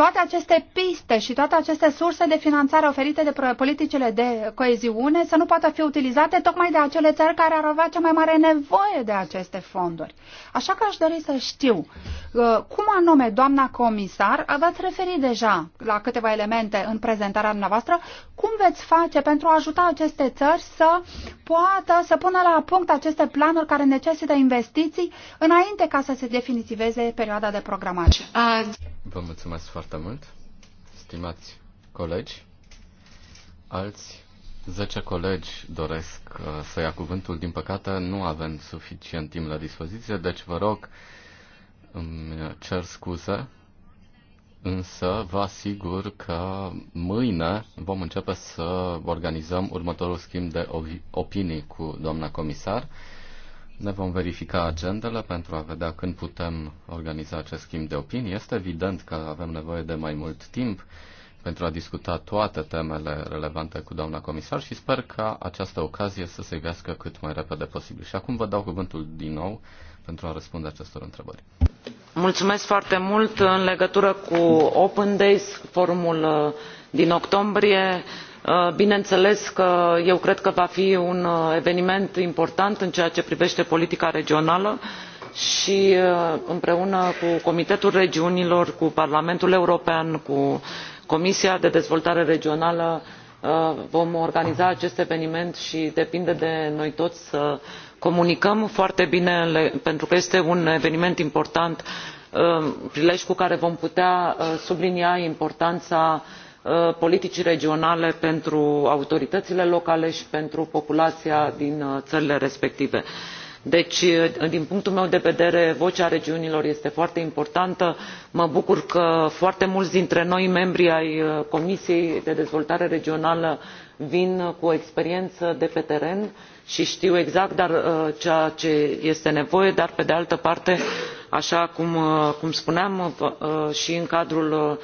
toate aceste piste și toate aceste surse de finanțare oferite de politicile de coeziune să nu poată fi utilizate tocmai de acele țări care ar avea cea mai mare nevoie de aceste fonduri. Așa că aș dori să știu uh, cum anume, doamna comisar, aveți referit deja la câteva elemente în prezentarea dumneavoastră, cum veți face pentru a ajuta aceste țări să poată să pună la punct aceste planuri care necesită investiții înainte ca să se definitiveze perioada de programare. Vă mulțumesc foarte foarte mult, stimați colegi. Alți 10 colegi doresc uh, să ia cuvântul, din păcate nu avem suficient timp la dispoziție, deci vă rog, îmi cer scuze, însă vă asigur că mâine vom începe să organizăm următorul schimb de opinii cu doamna comisar. Ne vom verifica agendele pentru a vedea când putem organiza acest schimb de opinii. Este evident că avem nevoie de mai mult timp pentru a discuta toate temele relevante cu doamna comisar și sper ca această ocazie să se găsească cât mai repede posibil. Și acum vă dau cuvântul din nou pentru a răspunde acestor întrebări. Mulțumesc foarte mult în legătură cu Open Days, forumul uh, din octombrie Uh, bineînțeles că eu cred că va fi un uh, eveniment important în ceea ce privește politica regională și uh, împreună cu comitetul regiunilor cu parlamentul european cu comisia de dezvoltare regională vom organiza acest eveniment și depinde de noi toți să comunicăm foarte bine pentru că este un eveniment important prilej cu care vom putea sublinia importanța Uh, politicii regionale pentru autoritățile locale și pentru populația din uh, țările respective. deci uh, din punctul meu de vedere vocea regiunilor este foarte importantă mă bucur că foarte mulți dintre noi membri ai comisiei de dezvoltare regională vin cu o experiență de pe teren și știu exact dar, ceea ce este nevoie dar pe de altă parte așa cum, cum spuneam și în cadrul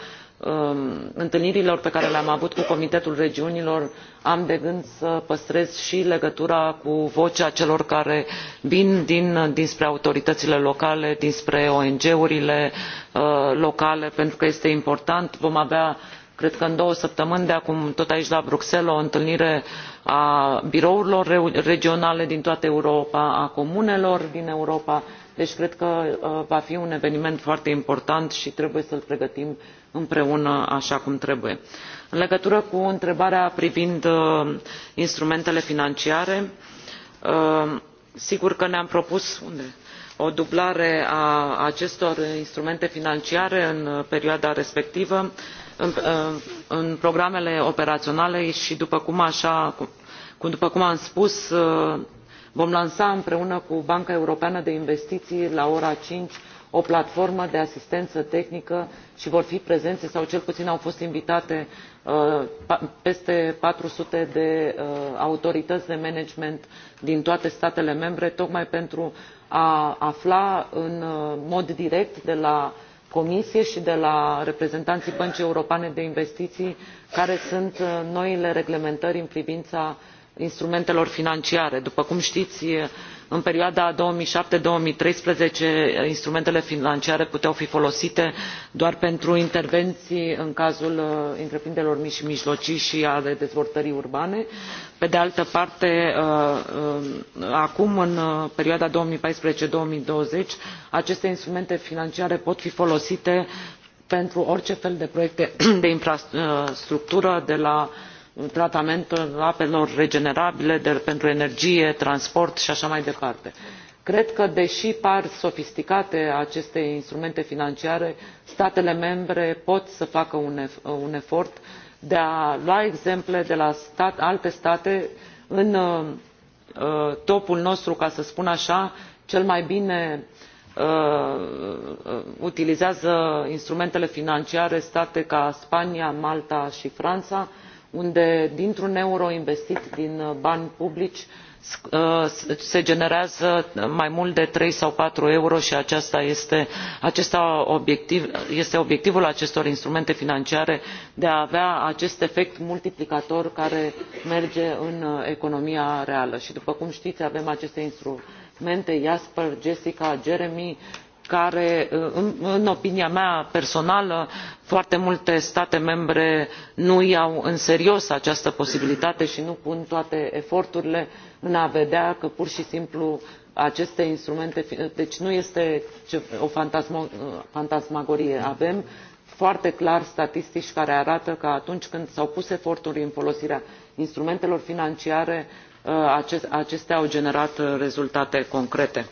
Um, întâlnirilor pe care le am avut cu comitetul regiunilor am de gând să păstrez și legătura cu vocea celor care vin din, dinspre autoritățile locale dinspre ong urile uh, locale pentru că este important vom avea cred că în două săptămâni de acum tot aici la bruxelles o întâlnire a birourilor regionale din toată europa a comunelor din europa deci cred că uh, va fi un eveniment foarte important și trebuie să l pregătim împreună așa cum trebuie. în legătură cu întrebarea privind uh, instrumentele financiare uh, sigur că ne am propus o dublare a acestor instrumente financiare în perioada respectivă în, în programele operaționale și după cum, așa, după cum am spus vom lansa împreună cu banca europeană de investiții la ora cinci o platformă de asistență tehnică și vor fi prezente sau cel puțin au fost invitate uh, peste patru sute de uh, autorități de management din toate statele membre tocmai pentru a afla în uh, mod direct de la comisie și de la reprezentanții băncii europene de investiții care sunt noile reglementări în privința instrumentelor financiare după cum știți în perioada două mii șapte două mii treisprezece instrumentele financiare puteau fi folosite doar pentru intervenții în cazul uh, întreprinderilor mici și mijlocii și ale dezvoltării urbane pe de altă parte uh, um, acum în uh, perioada două mii paisprezece două mii douăzeci aceste instrumente financiare pot fi folosite pentru orice fel de proiecte de infrastructură de la tratamentul apelor regenerabile pentru energie transport și așa mai departe. cred că deși par sofisticate aceste instrumente financiare statele membre pot să facă un, efort de a lua exemple de la alte state în uh, uh, topul nostru ca să spun așa cel mai bine uh, utilizează instrumentele financiare state ca spania malta și franța unde dintr un euro investit din uh, bani publici uh, se generează mai mult de trei sau patru euro și acesta este, acesta obiectiv, este obiectivul acestor instrumente financiare de a avea acest efect multiplicator care merge în uh, economia reală și după cum știți avem aceste instrumente jasper jessica jeremie care în, în opinia mea personală foarte multe state membre nu iau în serios această posibilitate și nu pun toate eforturile în a vedea că pur și simplu aceste instrumente deci nu este o fantasmagorie avem foarte clar statistici care arată că atunci când s au pus eforturi în folosirea instrumentelor financiare ă, acestea au generat rezultate concrete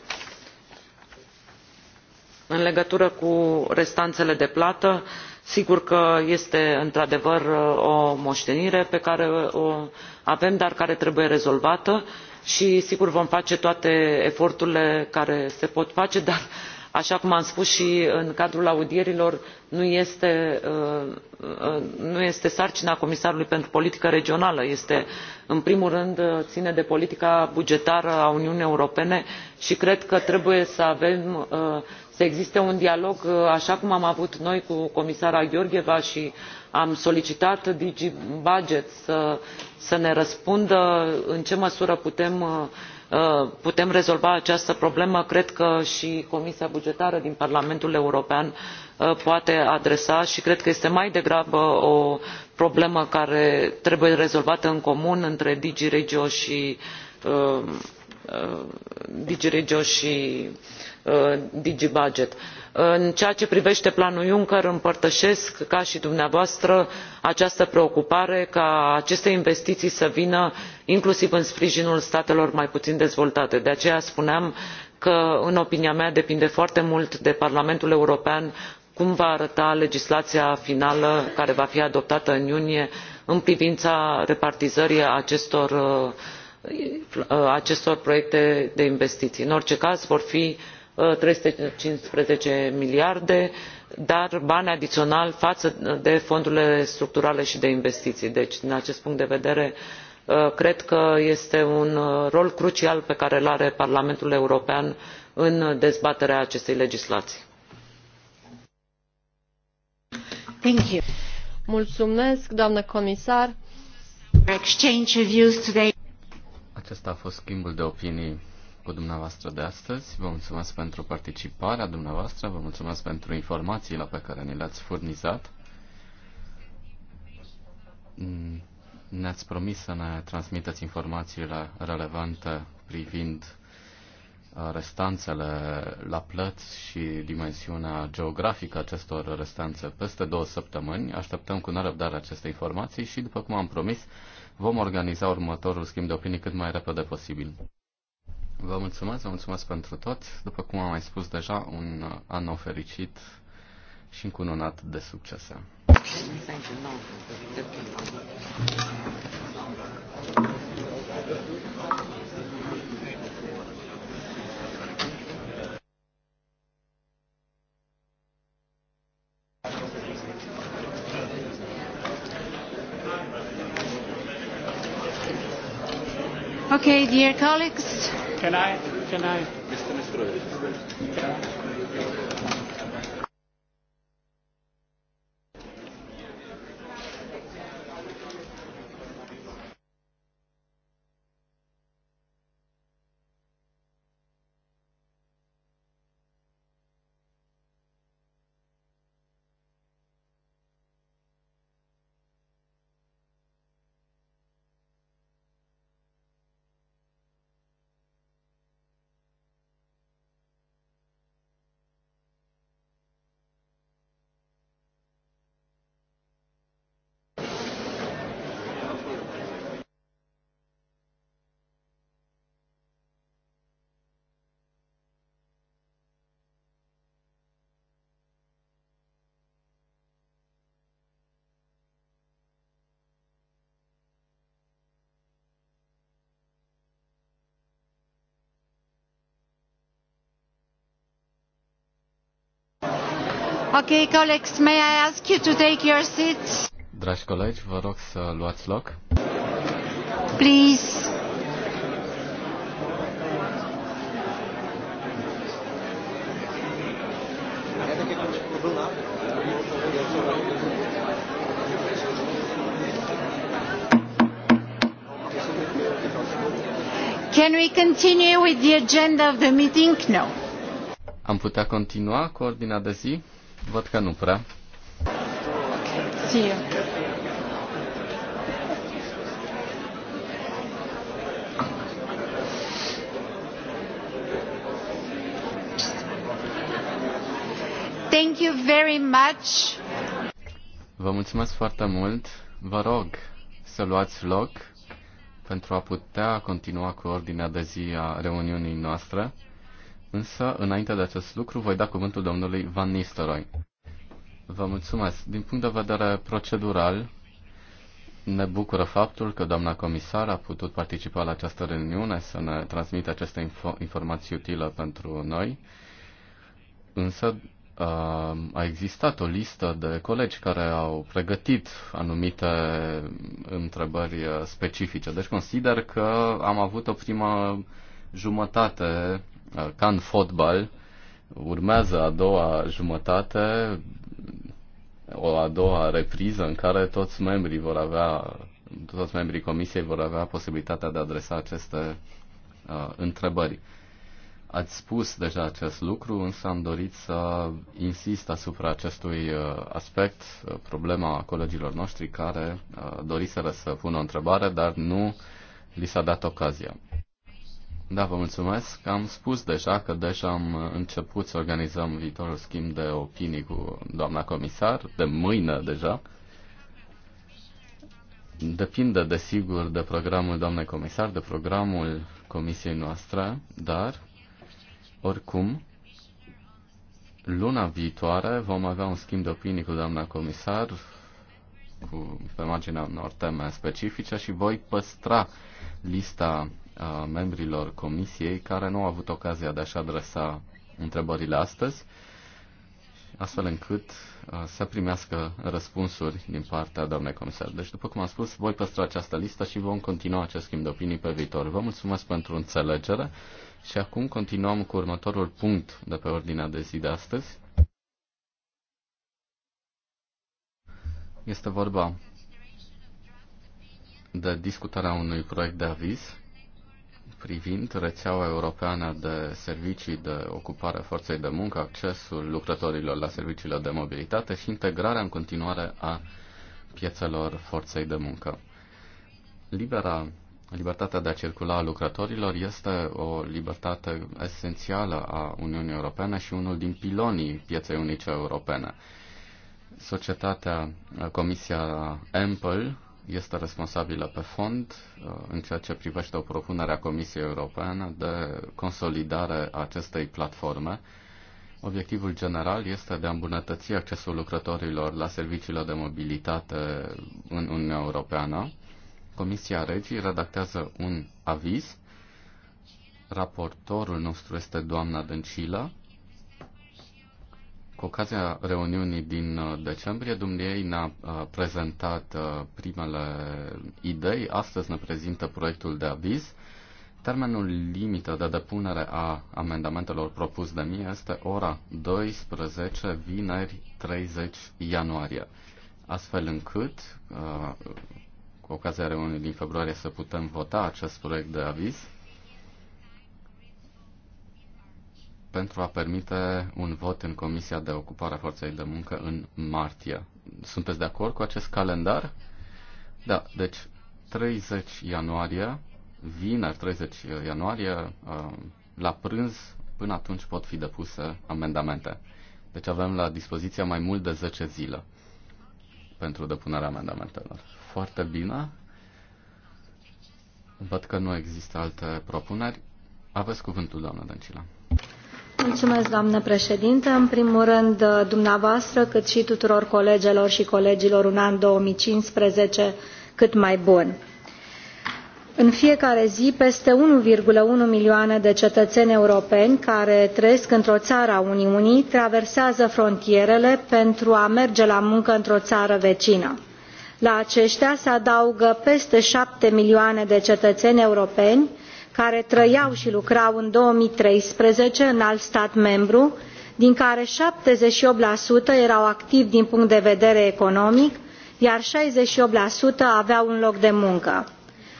în legătură cu restanțele de plată sigur că este într adevăr o moștenire pe care o avem dar care trebuie rezolvată și sigur vom face toate eforturile care se pot face dar așa cum am spus și în cadrul audierilor nu este, uh, sarcina comisarului pentru politică regională este în primul rând ine de politica bugetară a uniunii europene și cred că trebuie să avem uh, să existe un dialog uh, așa cum am avut noi cu comisara georgieva și am solicitat dg budget să, ne răspundă în ce măsură uh, uh, putem rezolva această problemă cred că și comisia bugetară din parlamentul european poate adresa și cred că este mai degrabă o problemă care trebuie rezolvată în comun între dg regio și, uh, uh, DG Regio și Uh, dg budget. Uh, în ceea ce privește planul juncker împărtăesc ca și dumneavoastră această preocupare ca aceste investiții să vină inclusiv în sprijinul statelor mai puțin dezvoltate de aceea spuneam că în opinia mea depinde foarte mult de parlamentul european cum va arăta legislația finală care va fi adoptată în iunie în privința repartizării acestor uh, acestor proiecte de investiții. în orice caz vor fi Uh, trei sute cincisprezece miliarde dar bani adiționali față de fondurile structurale și de investiții deci din acest punct de vedere uh, cred că este un uh, rol crucial pe care îl are parlamentul european în dezbaterea acestei legislații. Mulțumesc, doamnă comisar. acesta a fost schimbul de opinii cu dumneavoastră de astăzi. Vă mulțumesc pentru participarea dumneavoastră, vă mulțumesc pentru informațiile pe care ni le-ați furnizat. Ne-ați promis să ne transmiteți informațiile relevante privind uh, restanțele la plăți și dimensiunea geografică acestor restanțe peste două săptămâni. Așteptăm cu nerăbdare aceste informații și, după cum am promis, vom organiza următorul schimb de opinii cât mai repede posibil. Vă mulțumesc, vă mulțumesc pentru tot. După cum am mai spus deja, un an nou fericit și încununat de succese. Okay, dear colleagues. Can I? Can I? Mr. Mr. Okay, colleagues, may I ask you to take your seats? Dragi colegi, vă rog să luați loc. Please. Can we continue with the agenda of the meeting? No. Am putea continua cu ordinea de zi? Văd că nu prea. Ție. Thank you very much. Vă mulțumesc foarte mult. Vă rog să luați loc pentru a putea continua cu ordinea de zi a reuniunii noastre. Însă, înainte de acest lucru, voi da cuvântul domnului Van Nistelrooy. Vă mulțumesc. Din punct de vedere procedural, ne bucură faptul că doamna comisar a putut participa la această reuniune să ne transmită aceste info- informații utile pentru noi. Însă, uh, a existat o listă de colegi care au pregătit anumite întrebări specifice. Deci consider că am avut o primă jumătate Uh, ca în fotbal, urmează a doua jumătate, o a doua repriză în care toți membrii vor avea, toți membrii comisiei vor avea posibilitatea de a adresa aceste uh, întrebări. Ați spus deja acest lucru, însă am dorit să insist asupra acestui uh, aspect, uh, problema colegilor noștri care doriseră să pună o întrebare, dar nu li s-a dat ocazia. Da, vă mulțumesc. Am spus deja că deja am început să organizăm viitorul schimb de opinii cu doamna comisar, de mâine deja. Depinde, desigur, de programul doamnei comisar, de programul comisiei noastre, dar, oricum, luna viitoare vom avea un schimb de opinii cu doamna comisar cu, pe marginea unor teme specifice și voi păstra lista membrilor comisiei care nu au avut ocazia de a-și adresa întrebările astăzi, astfel încât să primească răspunsuri din partea doamnei comisar. Deci, după cum am spus, voi păstra această listă și vom continua acest schimb de opinii pe viitor. Vă mulțumesc pentru înțelegere și acum continuăm cu următorul punct de pe ordinea de zi de astăzi. Este vorba de discutarea unui proiect de aviz privind rețeaua europeană de servicii de ocupare forței de muncă, accesul lucrătorilor la serviciile de mobilitate și integrarea în continuare a piețelor forței de muncă. Libera, libertatea de a circula a lucrătorilor este o libertate esențială a Uniunii Europene și unul din pilonii pieței unice europene. Societatea, Comisia Ample este responsabilă pe fond uh, în ceea ce privește o propunere a Comisiei Europene de consolidare a acestei platforme. Obiectivul general este de a îmbunătăți accesul lucrătorilor la serviciile de mobilitate în Uniunea Europeană. Comisia Regii redactează un aviz. Raportorul nostru este doamna Dăncilă cu ocazia reuniunii din uh, decembrie, Dumnezeu ne-a uh, prezentat uh, primele idei. Astăzi ne prezintă proiectul de aviz. Termenul limită de depunere a amendamentelor propus de mine este ora 12, vineri 30 ianuarie, astfel încât, cu ocazia reuniunii din februarie, să putem vota acest proiect de aviz pentru a permite un vot în Comisia de Ocupare a Forței de Muncă în martie. Sunteți de acord cu acest calendar? Da, deci 30 ianuarie, vineri 30 ianuarie, uh, la prânz, până atunci pot fi depuse amendamente. Deci avem la dispoziție mai mult de 10 zile pentru depunerea amendamentelor. Foarte bine. Văd că nu există alte propuneri. Aveți cuvântul, doamnă Dăncilă. Mulțumesc, doamnă președintă. În primul rând, uh, dumneavoastră, cât și tuturor colegelor și colegilor, un an 2015 cât mai bun. În fiecare zi, peste 1,1 milioane de cetățeni europeni care trăiesc într-o țară a Uniunii traversează frontierele pentru a merge la muncă într-o țară vecină. La aceștia se adaugă peste 7 milioane de cetățeni europeni care trăiau și lucrau în 2013 în alt stat membru, din care 78% erau activi din punct de vedere economic, iar 68% aveau un loc de muncă.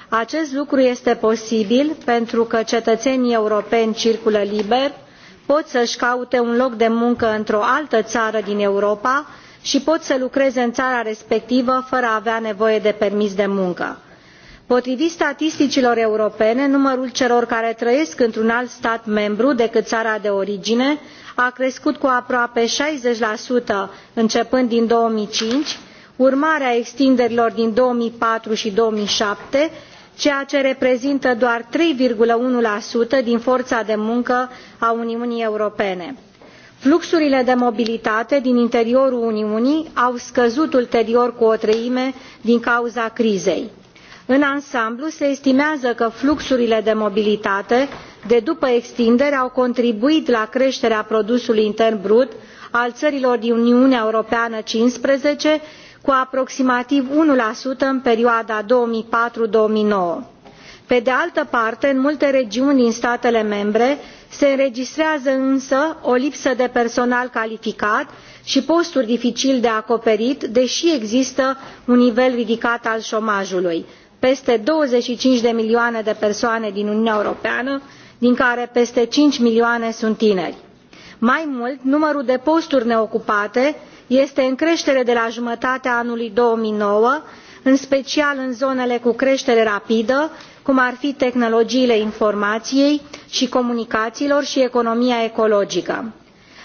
Acest lucru este posibil pentru că cetățenii europeni circulă liber, pot să-și caute un loc de muncă într-o altă țară din Europa și pot să lucreze în țara respectivă fără a avea nevoie de permis de muncă potrivit statisticilor europene numărul celor care trăiesc într un alt stat membru decât țara de origine a crescut cu aproape șaizeci începând din două mii cinci urmare a extinderilor din două mii patru și două mii șapte ceea ce reprezintă doar trei unu din forța de muncă a uniunii europene. fluxurile de mobilitate din interiorul uniunii au scăzut ulterior cu o treime din cauza crizei în ansamblu se estimează că fluxurile de mobilitate de după extindere au contribuit la creșterea produsului intern brut al țărilor din uniunea europeană cincisprezece cu aproximativ unu în perioada două mii patru două mii nouă pe de altă parte în multe regiuni din statele membre se înregistrează însă o lipsă de personal calificat și posturi dificil de acoperit deși există un nivel ridicat al șomajului peste 25 de milioane de persoane din Uniunea Europeană, din care peste 5 milioane sunt tineri. Mai mult, numărul de posturi neocupate este în creștere de la jumătatea anului 2009, în special în zonele cu creștere rapidă, cum ar fi tehnologiile informației și comunicațiilor și economia ecologică.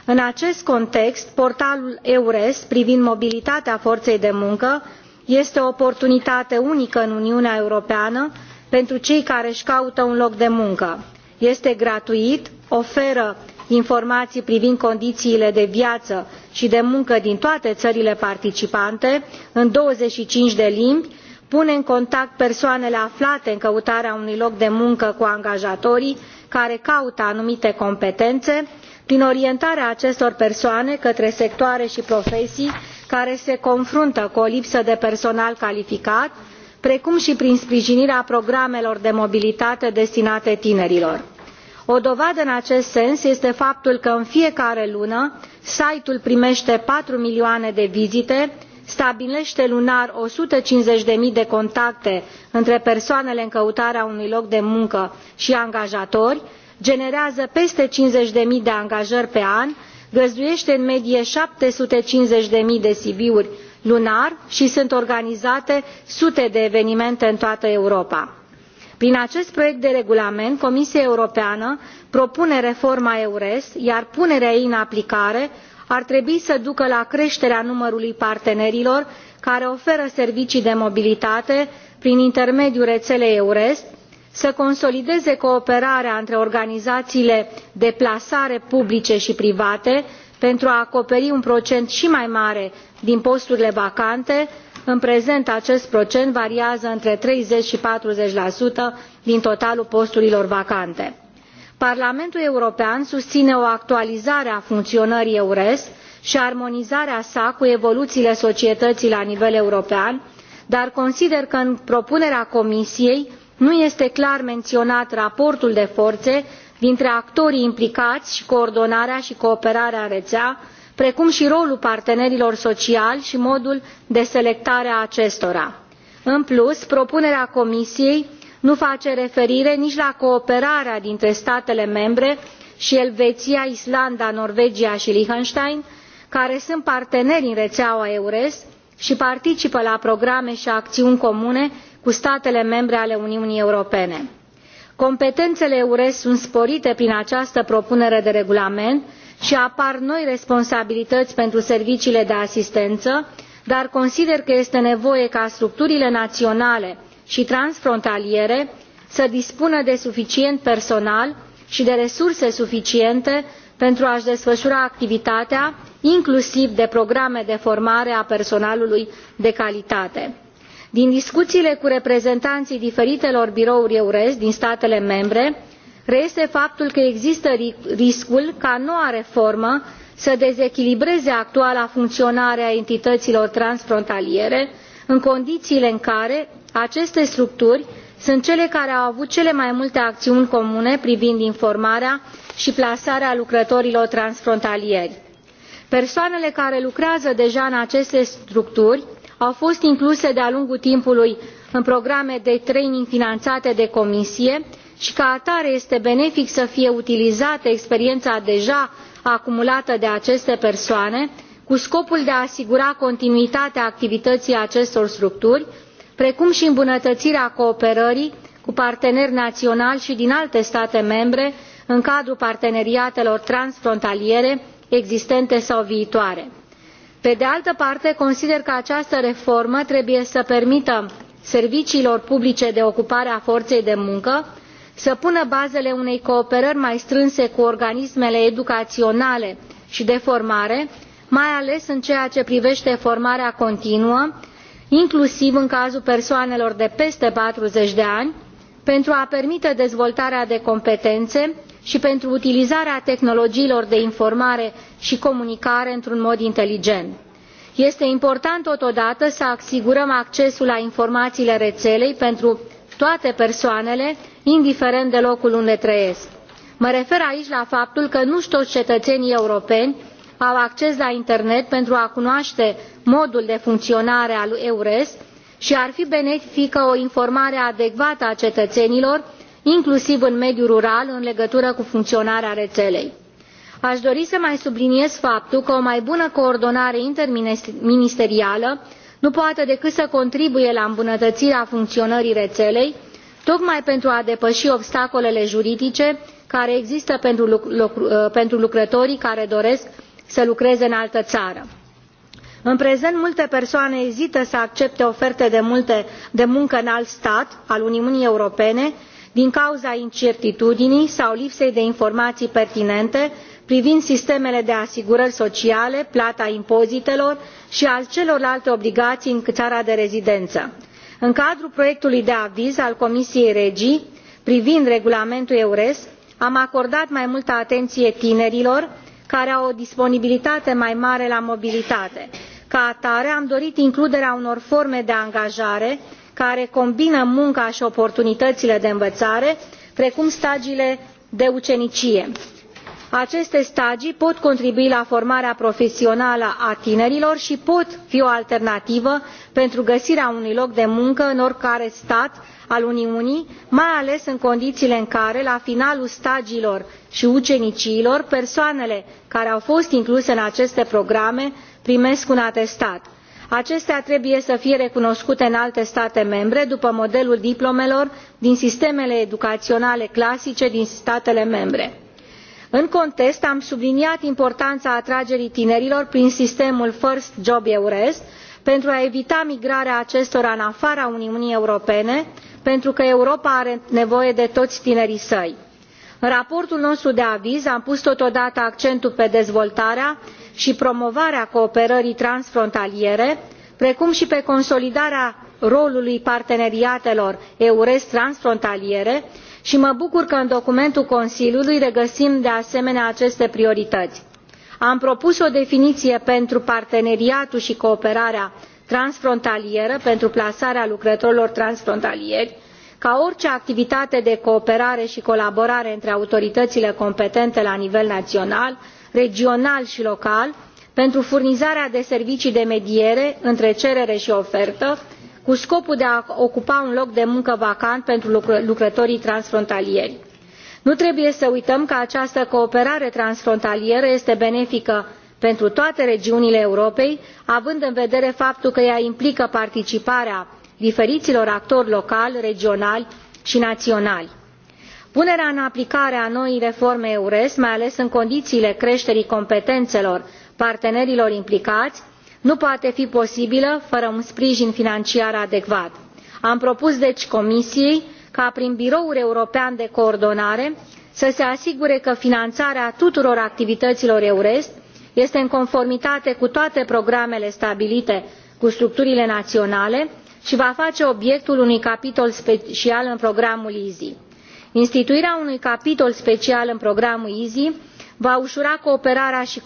În acest context, portalul EURES privind mobilitatea forței de muncă este o oportunitate unică în uniunea europeană pentru cei care își caută un loc de muncă este gratuit oferă informații privind condițiile de viață și de muncă din toate țările participante în douăzeci și cinci de limbi pune în contact persoanele aflate în căutarea unui loc de muncă cu angajatorii care caută anumite competențe prin orientarea acestor persoane către sectoare și profesii care se confruntă cu o lipsă de personal calificat precum și prin sprijinirea programelor de mobilitate destinate tinerilor. o dovadă în acest sens este faptul că în fiecare lună site ul primește patru milioane de vizite stabilește lunar o sută cincizeci zero de contacte între persoanele în căutarea unui loc de muncă și angajatori generează peste cincizeci zero de angajări pe an găzduiește în medie șapte sute cincizeci zero de cv uri lunar și sunt organizate sute de evenimente în toată europa. prin acest proiect de regulament comisia europeană propune reforma eures iar punerea ei în aplicare ar trebui să ducă la creșterea numărului partenerilor care oferă servicii de mobilitate prin intermediul rețelei eures să consolideze cooperarea între organizațiile de plasare publice și private pentru a acoperi un procent și mai mare din posturile vacante în prezent acest procent variază între treizeci și patruzeci din totalul posturilor vacante. parlamentul european susține o actualizare a funcționării eures și armonizarea sa cu evoluțiile societății la nivel european dar consider că în propunerea comisiei nu este clar menționat raportul de forțe dintre actorii implicați și coordonarea și cooperarea în rețea precum și rolul partenerilor sociali și modul de selectare a acestora. în plus propunerea comisiei nu face referire nici la cooperarea dintre statele membre și elveția islanda norvegia și liechtenstein care sunt parteneri în rețeaua eures și participă la programe și acțiuni comune cu statele membre ale uniunii europene. competențele eures sunt sporite prin această propunere de regulament și apar noi responsabilități pentru serviciile de asistență dar consider că este nevoie ca structurile naționale și transfrontaliere să dispună de suficient personal și de resurse suficiente pentru a și desfășura activitatea inclusiv de programe de formare a personalului de calitate din discuțiile cu reprezentanții diferitelor birouri eures din statele membre reiese faptul că există riscul ca noua reformă să dezechilibreze actuala funcționare a entităților transfrontaliere în condițiile în care aceste structuri sunt cele care au avut cele mai multe acțiuni comune privind informarea și plasarea lucrătorilor transfrontalieri. persoanele care lucrează deja în aceste structuri au fost incluse de a lungul timpului în programe de training finanțate de comisie și ca atare este benefic să fie utilizată experiența deja acumulată de aceste persoane cu scopul de a asigura continuitatea activității acestor structuri precum și îmbunătățirea cooperării cu parteneri naționali și din alte state membre în cadrul parteneriatelor transfrontaliere existente sau viitoare pe de altă parte consider că această reformă trebuie să permită serviciilor publice de ocupare a forței de muncă să pună bazele unei cooperări mai strânse cu organismele educaționale și de formare mai ales în ceea ce privește formarea continuă inclusiv în cazul persoanelor de peste patruzeci de ani pentru a permite dezvoltarea de competențe și pentru utilizarea tehnologiilor de informare și comunicare într-un mod inteligent. Este important totodată să asigurăm accesul la informațiile rețelei pentru toate persoanele, indiferent de locul unde trăiesc. Mă refer aici la faptul că nu toți cetățenii europeni au acces la internet pentru a cunoaște modul de funcționare al EURES și ar fi benefică o informare adecvată a cetățenilor inclusiv în mediul rural, în legătură cu funcționarea rețelei. Aș dori să mai subliniez faptul că o mai bună coordonare interministerială nu poate decât să contribuie la îmbunătățirea funcționării rețelei, tocmai pentru a depăși obstacolele juridice care există pentru ă, lucrătorii care doresc să lucreze în altă țară. În prezent, multe persoane ezită să accepte oferte de, multe, de muncă în alt stat al Uniunii Europene din cauza incertitudinii sau lipsei de informații pertinente privind sistemele de asigurări sociale plata impozitelor și a celorlalte obligații în țara de rezidență. în cadrul proiectului de aviz al comisiei regi privind regulamentul eures am acordat mai multă atenție tinerilor care au o disponibilitate mai mare la mobilitate. ca atare am dorit includerea unor forme de angajare care combină munca și oportunitățile de învățare, precum stagiile de ucenicie. Aceste stagii pot contribui la formarea profesională a tinerilor și pot fi o alternativă pentru găsirea unui loc de muncă în oricare stat al Uniunii, mai ales în condițiile în care, la finalul stagiilor și uceniciilor, persoanele care au fost incluse în aceste programe primesc un atestat acestea trebuie să fie recunoscute în alte state membre după modelul diplomelor din sistemele educaționale clasice din statele membre. în context am subliniat importanța atragerii tinerilor prin sistemul first job eures pentru a evita migrarea acestora în afara uniunii europene pentru că europa are nevoie de toți tinerii săi. în raportul nostru de aviz am pus totodată accentul pe dezvoltarea și promovarea cooperării transfrontaliere precum și pe consolidarea rolului parteneriatelor eures transfrontaliere și mă bucur că în documentul consiliului regăsim de asemenea aceste priorități. am propus o definiție pentru parteneriatul și cooperarea transfrontalieră pentru plasarea lucrătorilor transfrontalieri ca orice activitate de cooperare și colaborare între autoritățile competente la nivel național regional și local pentru furnizarea de servicii de mediere între cerere și ofertă cu scopul de a ocupa un loc de muncă vacant pentru lucrătorii transfrontalieri. nu trebuie să uităm că această cooperare transfrontalieră este benefică pentru toate regiunile europei având în vedere faptul că ea implică participarea diferiților actori locali regionali și naționali punerea în aplicare a noii reforme eures mai ales în condițiile creșterii competențelor partenerilor implicați nu poate fi posibilă fără un sprijin financiar adecvat. am propus deci comisiei ca prin biroul european de coordonare să se asigure că finanțarea tuturor activităților eures este în conformitate cu toate programele stabilite cu structurile naționale și va face obiectul unui capitol special în programul easi instituirea unui capitol special în programul easi va ușura cooperarea și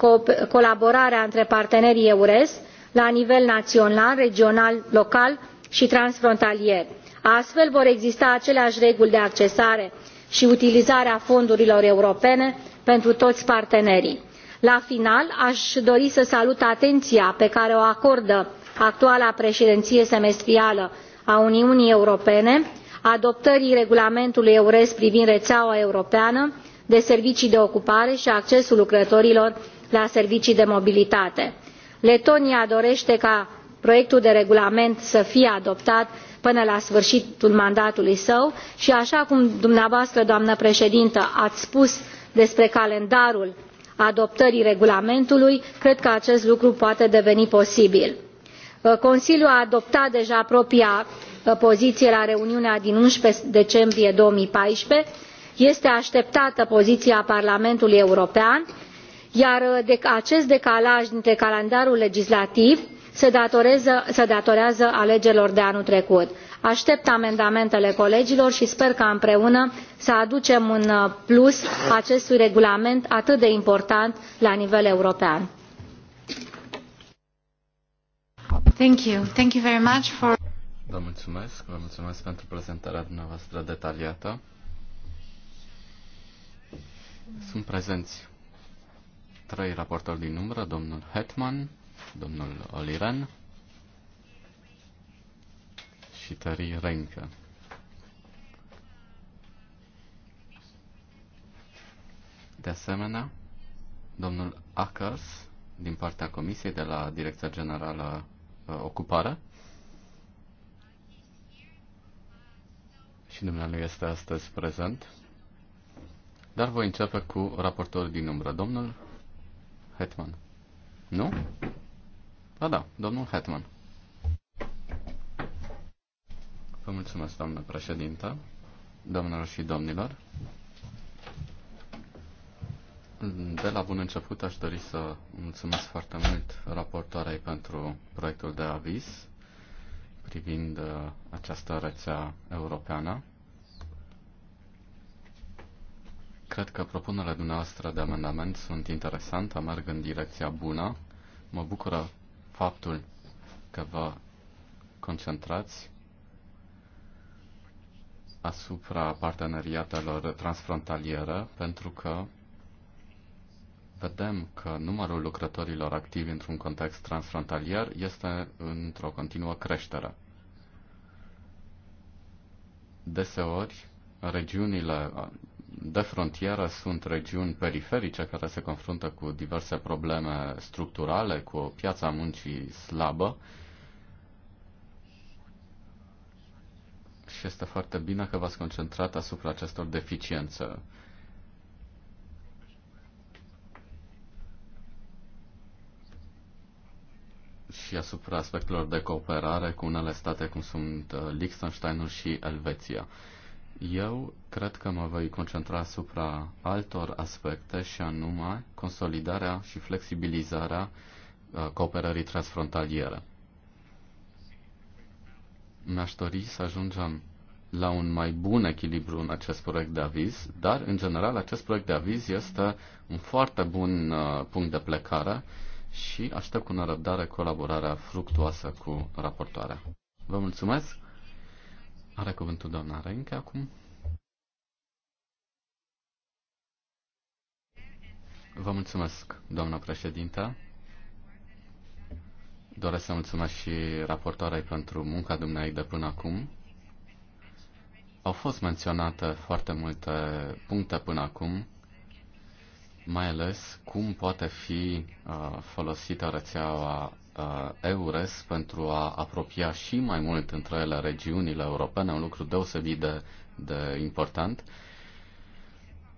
colaborarea între partenerii eures la nivel național regional local și transfrontalier. astfel vor exista aceleași reguli de accesare și utilizare a fondurilor europene pentru toți partenerii. la final aș dori să salut atenția pe care o acordă actuala președinție semestrială a uniunii europene adoptării regulamentului eures privind rețeaua europeană de servicii de ocupare și accesul lucrătorilor la servicii de mobilitate. letonia dorește ca proiectul de regulament să fie adoptat până la sfârșitul mandatului său și așa cum dumneavoastră doamnă președintă ați spus despre calendarul adoptării regulamentului cred că acest lucru poate deveni posibil. consiliul a adoptat deja propria Ă, poziție la reuniunea din 11 decembrie 2014, este așteptată poziția Parlamentului European, iar ă, acest decalaj dintre calendarul legislativ se, se datorează alegerilor de anul trecut. Aștept amendamentele colegilor și sper că împreună să aducem un ă, plus acestui regulament atât de important la nivel european. Thank you. Thank you very much for... Vă mulțumesc, vă mulțumesc pentru prezentarea dumneavoastră detaliată. Sunt prezenți trei raportori din umbră, domnul Hetman, domnul Oliren și Tari Reinke. De asemenea, domnul Akers, din partea Comisiei de la Direcția Generală uh, Ocupare, și dumnealui este astăzi prezent. Dar voi începe cu raportorul din umbră, domnul Hetman. Nu? Da, da, domnul Hetman. Vă mulțumesc, doamnă președintă, domnilor și domnilor. De la bun început aș dori să mulțumesc foarte mult raportoarei pentru proiectul de aviz privind uh, această rețea europeană. Cred că propunerea dumneavoastră de amendament sunt interesante, merg în direcția bună. Mă bucură faptul că vă concentrați asupra parteneriatelor transfrontaliere, pentru că vedem că numărul lucrătorilor activi într-un context transfrontalier este într-o continuă creștere. Deseori, regiunile de frontieră sunt regiuni periferice care se confruntă cu diverse probleme structurale, cu o piață a muncii slabă. Și este foarte bine că v-ați concentrat asupra acestor deficiențe. și asupra aspectelor de cooperare cu unele state cum sunt uh, Liechtensteinul și Elveția. Eu cred că mă voi concentra asupra altor aspecte și anume consolidarea și flexibilizarea uh, cooperării transfrontaliere. Mi-aș dori să ajungem la un mai bun echilibru în acest proiect de aviz, dar, în general, acest proiect de aviz este un foarte bun uh, punct de plecare și aștept cu nerăbdare colaborarea fructuoasă cu raportoarea. Vă mulțumesc! Are cuvântul doamna Renke acum. Vă mulțumesc, doamna președintă. Doresc să mulțumesc și raportoarei pentru munca dumneai de până acum. Au fost menționate foarte multe puncte până acum, mai ales cum poate fi uh, folosită rețeaua Uh, EURES pentru a apropia și mai mult între ele regiunile europene, un lucru deosebit de, de important.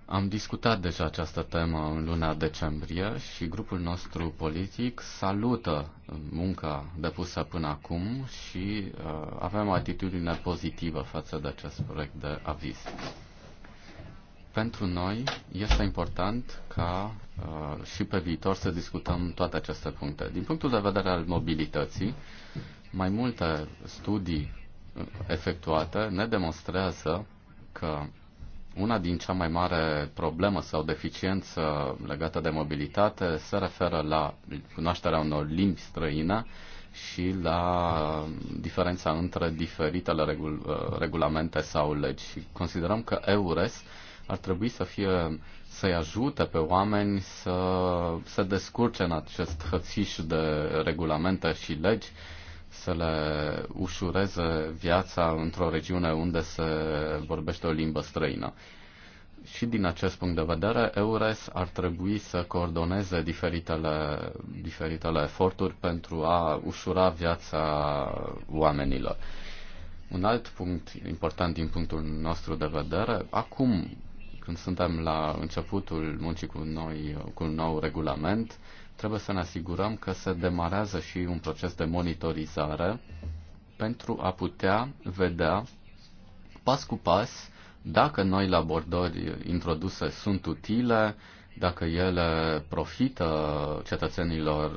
Am discutat deja această temă în luna decembrie și grupul nostru politic salută munca depusă până acum și uh, avem o atitudine pozitivă față de acest proiect de aviz. Pentru noi este important ca uh, și pe viitor să discutăm toate aceste puncte. Din punctul de vedere al mobilității, mai multe studii uh, efectuate ne demonstrează că una din cea mai mare problemă sau deficiență legată de mobilitate se referă la cunoașterea unor limbi străine și la diferența între diferitele regul- uh, regulamente sau legi. Considerăm că EURES ar trebui să fie să-i ajute pe oameni să se descurce în acest hățiș de regulamente și legi, să le ușureze viața într-o regiune unde se vorbește o limbă străină. Și din acest punct de vedere, EURES ar trebui să coordoneze diferitele, diferitele eforturi pentru a ușura viața oamenilor. Un alt punct important din punctul nostru de vedere, acum când suntem la începutul muncii cu, noi, cu un nou regulament, trebuie să ne asigurăm că se demarează și un proces de monitorizare pentru a putea vedea pas cu pas dacă noile abordări introduse sunt utile, dacă ele profită cetățenilor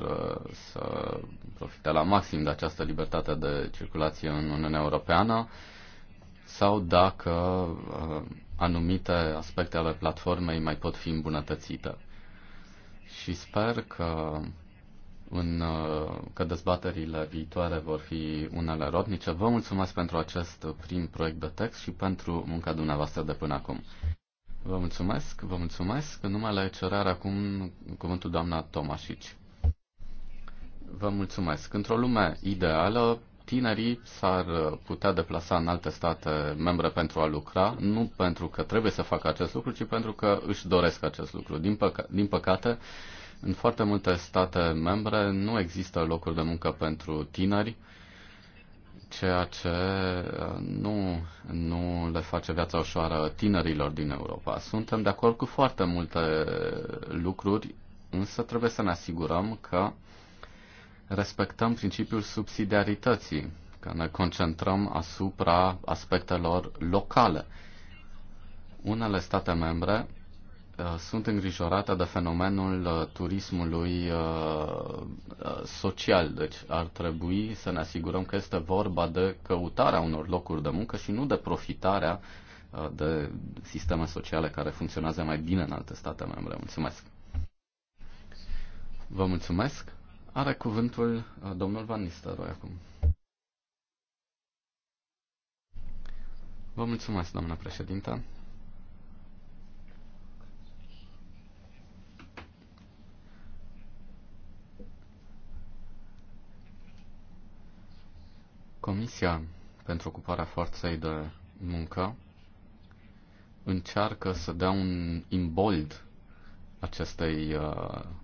uh, să profite la maxim de această libertate de circulație în Uniunea Europeană sau dacă uh, anumite aspecte ale platformei mai pot fi îmbunătățite. Și sper că, în, că dezbaterile viitoare vor fi unele rodnice. Vă mulțumesc pentru acest prim proiect de text și pentru munca dumneavoastră de până acum. Vă mulțumesc, vă mulțumesc. În numele cerare acum cuvântul doamna Tomașici. Vă mulțumesc. Într-o lume ideală, tinerii s-ar putea deplasa în alte state membre pentru a lucra, nu pentru că trebuie să facă acest lucru, ci pentru că își doresc acest lucru. Din, păca- din păcate, în foarte multe state membre nu există locuri de muncă pentru tineri, ceea ce uh, nu, nu le face viața ușoară tinerilor din Europa. Suntem de acord cu foarte multe lucruri, însă trebuie să ne asigurăm că respectăm principiul subsidiarității, că ne concentrăm asupra aspectelor locale. Unele state membre uh, sunt îngrijorate de fenomenul uh, turismului uh, social, deci ar trebui să ne asigurăm că este vorba de căutarea unor locuri de muncă și nu de profitarea de sisteme sociale care funcționează mai bine în alte state membre. Mulțumesc! Vă mulțumesc! Are cuvântul uh, domnul Van Nistelrooy acum. Vă mulțumesc, doamnă președintă. Comisia pentru ocuparea forței de muncă încearcă să dea un imbold acestei uh,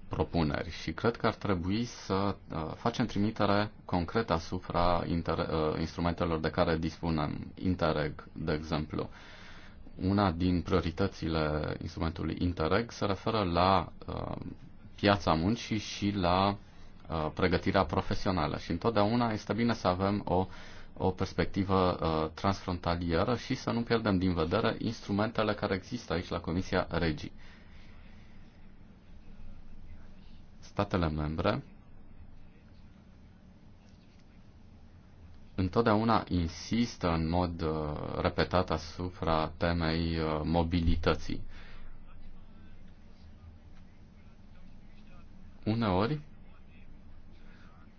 propuneri și cred că ar trebui să uh, facem trimitere concretă asupra uh, instrumentelor de care dispunem, Interreg, de exemplu. Una din prioritățile instrumentului Interreg se referă la piața muncii și la pregătirea profesională și întotdeauna este bine să avem o, o perspectivă transfrontalieră și să nu pierdem din vedere instrumentele care există aici la Comisia Regii statele membre întotdeauna insistă în mod uh, repetat asupra temei uh, mobilității. Uneori,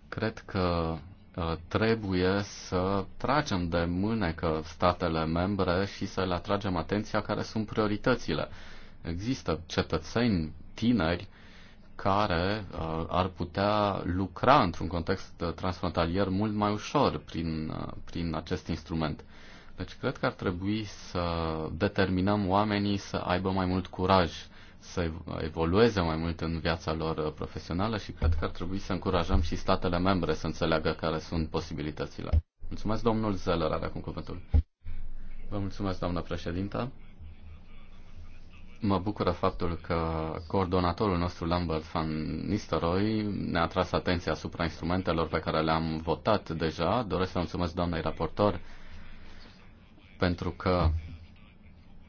cred că uh, trebuie să tragem de mânecă statele membre și să le atragem atenția care sunt prioritățile. Există cetățeni tineri care uh, ar putea lucra într-un context uh, transfrontalier mult mai ușor prin, uh, prin acest instrument. Deci cred că ar trebui să determinăm oamenii să aibă mai mult curaj, să evolueze mai mult în viața lor profesională și cred că ar trebui să încurajăm și statele membre să înțeleagă care sunt posibilitățile. Mulțumesc, domnul Zeller, are acum cuvântul. Vă mulțumesc, doamnă președintă. Mă bucură faptul că coordonatorul nostru, Lambert van Nistelrooy, ne-a tras atenția asupra instrumentelor pe care le-am votat deja. Doresc să mulțumesc doamnei raportor pentru că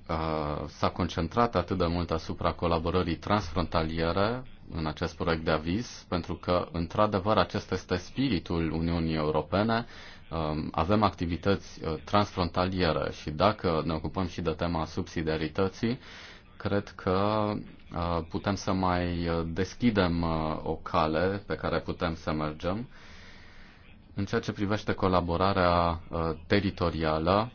uh, s-a concentrat atât de mult asupra colaborării transfrontaliere în acest proiect de aviz, pentru că, într-adevăr, acesta este spiritul Uniunii Europene. Uh, avem activități uh, transfrontaliere și dacă ne ocupăm și de tema subsidiarității, uh, cred că uh, putem să mai uh, deschidem uh, o cale pe care putem să mergem. În ceea ce privește colaborarea teritorială,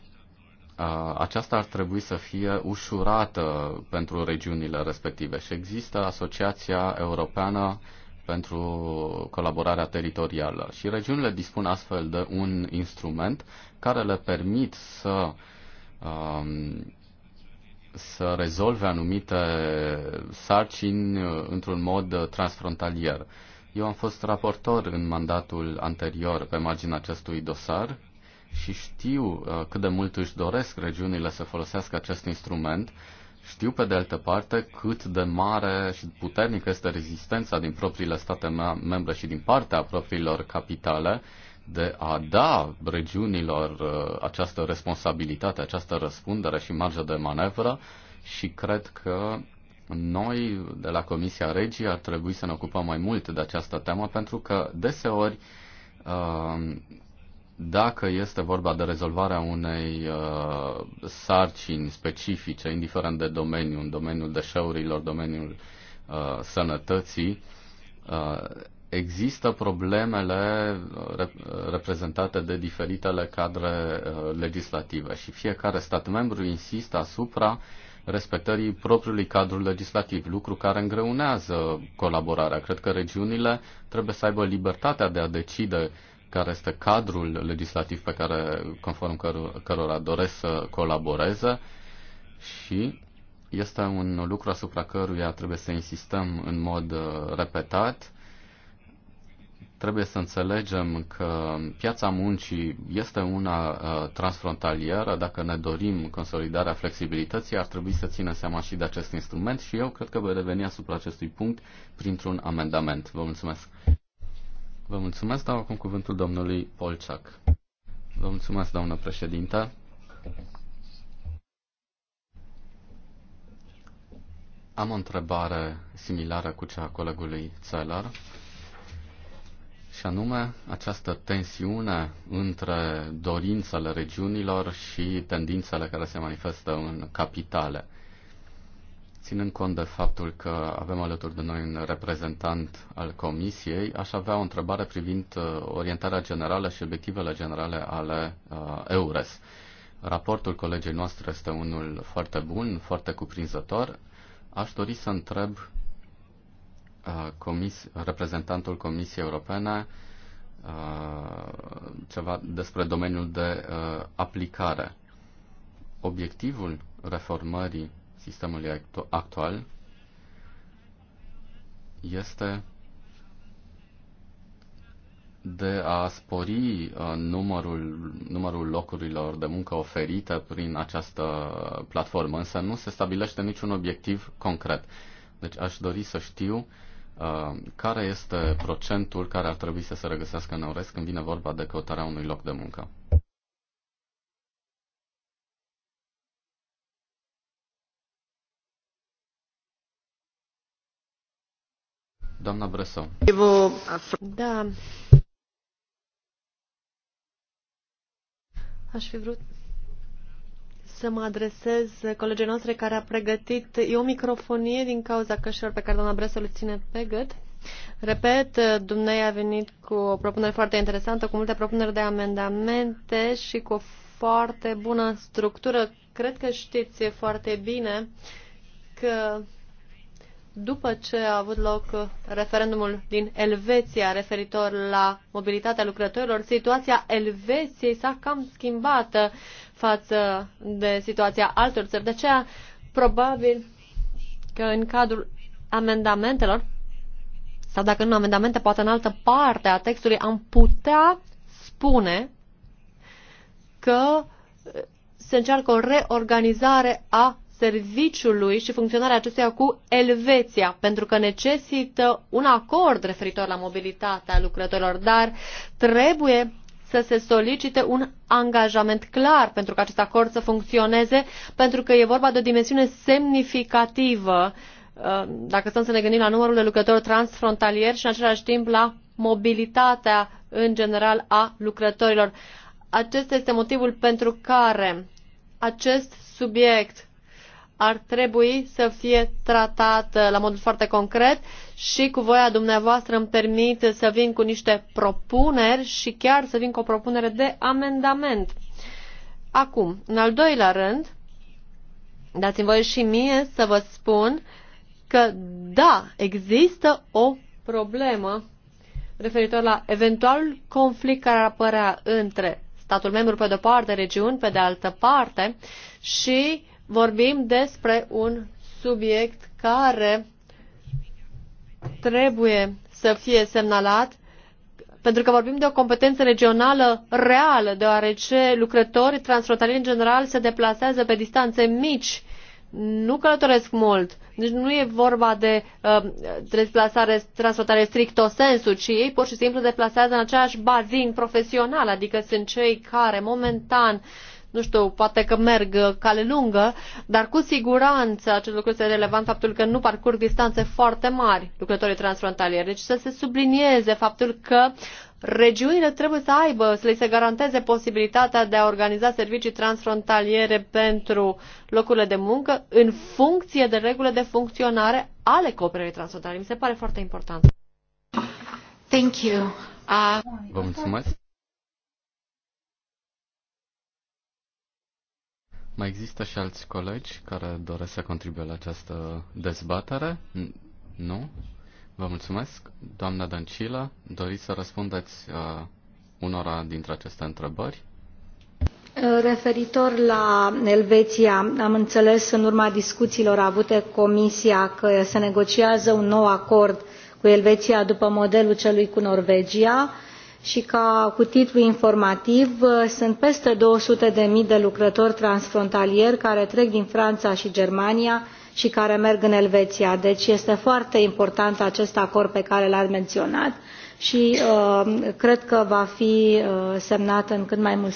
aceasta ar trebui să fie ușurată pentru regiunile respective și există Asociația Europeană pentru colaborarea teritorială și regiunile dispun astfel de un instrument care le permit să um, să rezolve anumite sarcini uh, într-un mod uh, transfrontalier. Eu am fost raportor în mandatul anterior pe marginea acestui dosar și știu uh, cât de mult își doresc regiunile să folosească acest instrument. Știu, pe de altă parte, cât de mare și puternică este rezistența din propriile state membre și din partea propriilor capitale uh, de a da regiunilor uh, această responsabilitate, această răspundere și marjă de manevră și cred că noi de la Comisia Regii ar trebui să ne ocupăm mai mult de această temă pentru că deseori uh, dacă este vorba de rezolvarea unei uh, sarcini specifice, indiferent de domeniu, în domeniul deșeurilor, domeniul sănătății, există problemele uh, uh, reprezentate de diferitele cadre uh, legislative și fiecare stat membru insistă asupra respectării propriului cadru legislativ, lucru care îngreunează colaborarea. Cred că regiunile trebuie să aibă libertatea de a decide care este cadrul legislativ pe care, conform căr- cărora doresc să colaboreze și este un lucru asupra căruia trebuie să insistăm în mod repetat Trebuie să înțelegem că piața muncii este una uh, transfrontalieră. Dacă ne dorim consolidarea flexibilității, ar trebui să țină seama și de acest instrument și eu cred că voi reveni asupra acestui punct printr-un amendament. Vă mulțumesc! Vă mulțumesc, dau acum cuvântul domnului Polciac. Vă mulțumesc, doamnă președintă. Am o întrebare similară cu cea a colegului Țelar și anume această tensiune între dorințele regiunilor și tendințele care se manifestă în capitale. Ținând cont de faptul că avem alături de noi un reprezentant al Comisiei, aș avea o întrebare privind uh, orientarea generală și obiectivele generale ale uh, EURES. Raportul colegii noastre este unul foarte bun, foarte cuprinzător. Aș dori să întreb Uh, comis, reprezentantul Comisiei Europene uh, ceva despre domeniul de uh, aplicare. Obiectivul reformării sistemului actual este de a spori numărul, numărul locurilor de muncă oferite prin această platformă, însă nu se stabilește niciun obiectiv concret. Deci aș dori să știu uh, Uh, care este procentul care ar trebui să se regăsească în orez când vine vorba de căutarea unui loc de muncă? Doamna Bresau. Da. Aș fi vrut să mă adresez colegii noastre care a pregătit e o microfonie din cauza cășilor pe care doamna Bresol le ține pe gât. Repet, dumnei a venit cu o propunere foarte interesantă, cu multe propuneri de amendamente și cu o foarte bună structură. Cred că știți foarte bine că după ce a avut loc referendumul din Elveția referitor la mobilitatea lucrătorilor, situația Elveției s-a cam schimbat față de situația altor țări. De aceea, probabil că în cadrul amendamentelor, sau dacă nu amendamente, poate în altă parte a textului, am putea spune că se încearcă o reorganizare a serviciului și funcționarea acestuia cu Elveția, pentru că necesită un acord referitor la mobilitatea lucrătorilor, dar trebuie să se solicite un angajament clar pentru că acest acord să funcționeze, pentru că e vorba de o dimensiune semnificativă uh, dacă stăm să ne gândim la numărul de lucrători transfrontalieri și în același timp la mobilitatea în general a lucrătorilor. Acesta este motivul pentru care acest subiect ar trebui să fie tratat uh, la modul foarte concret și cu voia dumneavoastră îmi permit să vin cu niște propuneri și chiar să vin cu o propunere de amendament. Acum, în al doilea rând, dați-mi voie și mie să vă spun că da, există o problemă referitor la eventual conflict care ar apărea între statul membru pe de-o parte, regiuni pe de altă parte și vorbim despre un subiect care trebuie să fie semnalat pentru că vorbim de o competență regională reală, deoarece lucrătorii transfrontalieri în general se deplasează pe distanțe mici, nu călătoresc mult, deci nu e vorba de uh, deplasare transfrontaliere stricto sensu, ci ei pur și simplu deplasează în același bazin profesional, adică sunt cei care momentan nu știu, poate că merg cale lungă, dar cu siguranță acest lucru este relevant faptul că nu parcurg distanțe foarte mari lucrătorii transfrontalieri. Deci să se sublinieze faptul că regiunile trebuie să aibă, să le se garanteze posibilitatea de a organiza servicii transfrontaliere pentru locurile de muncă în funcție de regulile de funcționare ale cooperării transfrontaliere. Mi se pare foarte important. Thank you. Uh... Vă mulțumesc. Mai există și alți colegi care doresc să contribuie la această dezbatere? Nu? Vă mulțumesc. Doamna Dancila, doriți să răspundeți uh, unora dintre aceste întrebări? Uh, referitor la Elveția, am înțeles în urma discuțiilor avute Comisia că se negociază un nou acord cu Elveția după modelul celui cu Norvegia. Uh, și ca cu titlu informativ uh, sunt peste 200 de mii de lucrători transfrontalieri care trec din Franța și Germania și care merg în Elveția. Deci este foarte important acest acord pe care l-ați menționat și uh, cred că va fi uh, semnat în, cât mai mult,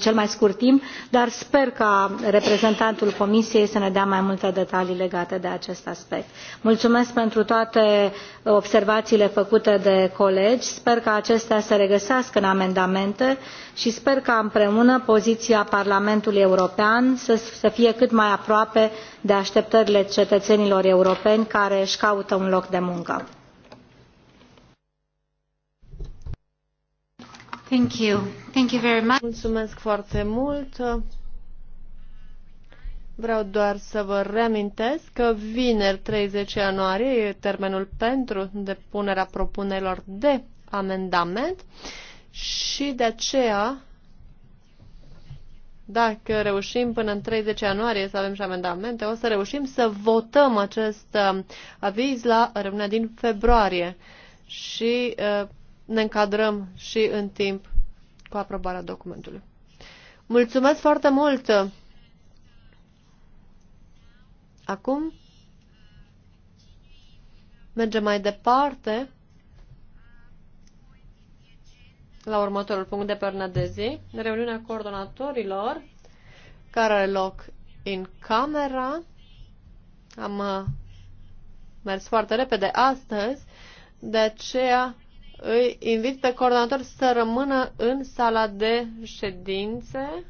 cel mai scurt timp, dar sper ca reprezentantul Comisiei să ne dea mai multe detalii legate de acest aspect. Mulțumesc pentru toate observațiile făcute de colegi. Sper ca acestea să regăsească în amendamente și sper ca împreună poziția Parlamentului European să, să fie cât mai aproape de așteptările cetățenilor europeni care își caută un loc de muncă. Thank you. Thank you very much. Mulțumesc foarte mult. Vreau doar să vă reamintesc că vineri 30 ianuarie e termenul pentru depunerea propunerilor de amendament și de aceea dacă reușim până în 30 ianuarie să avem și amendamente, o să reușim să votăm acest uh, aviz la reuniunea din februarie. Și uh, ne încadrăm și în timp cu aprobarea documentului. Mulțumesc foarte mult! Acum mergem mai departe la următorul punct de pernă de zi, reuniunea coordonatorilor care are loc în camera. Am uh, mers foarte repede astăzi, de aceea îi invit pe coordonator să rămână în sala de ședințe.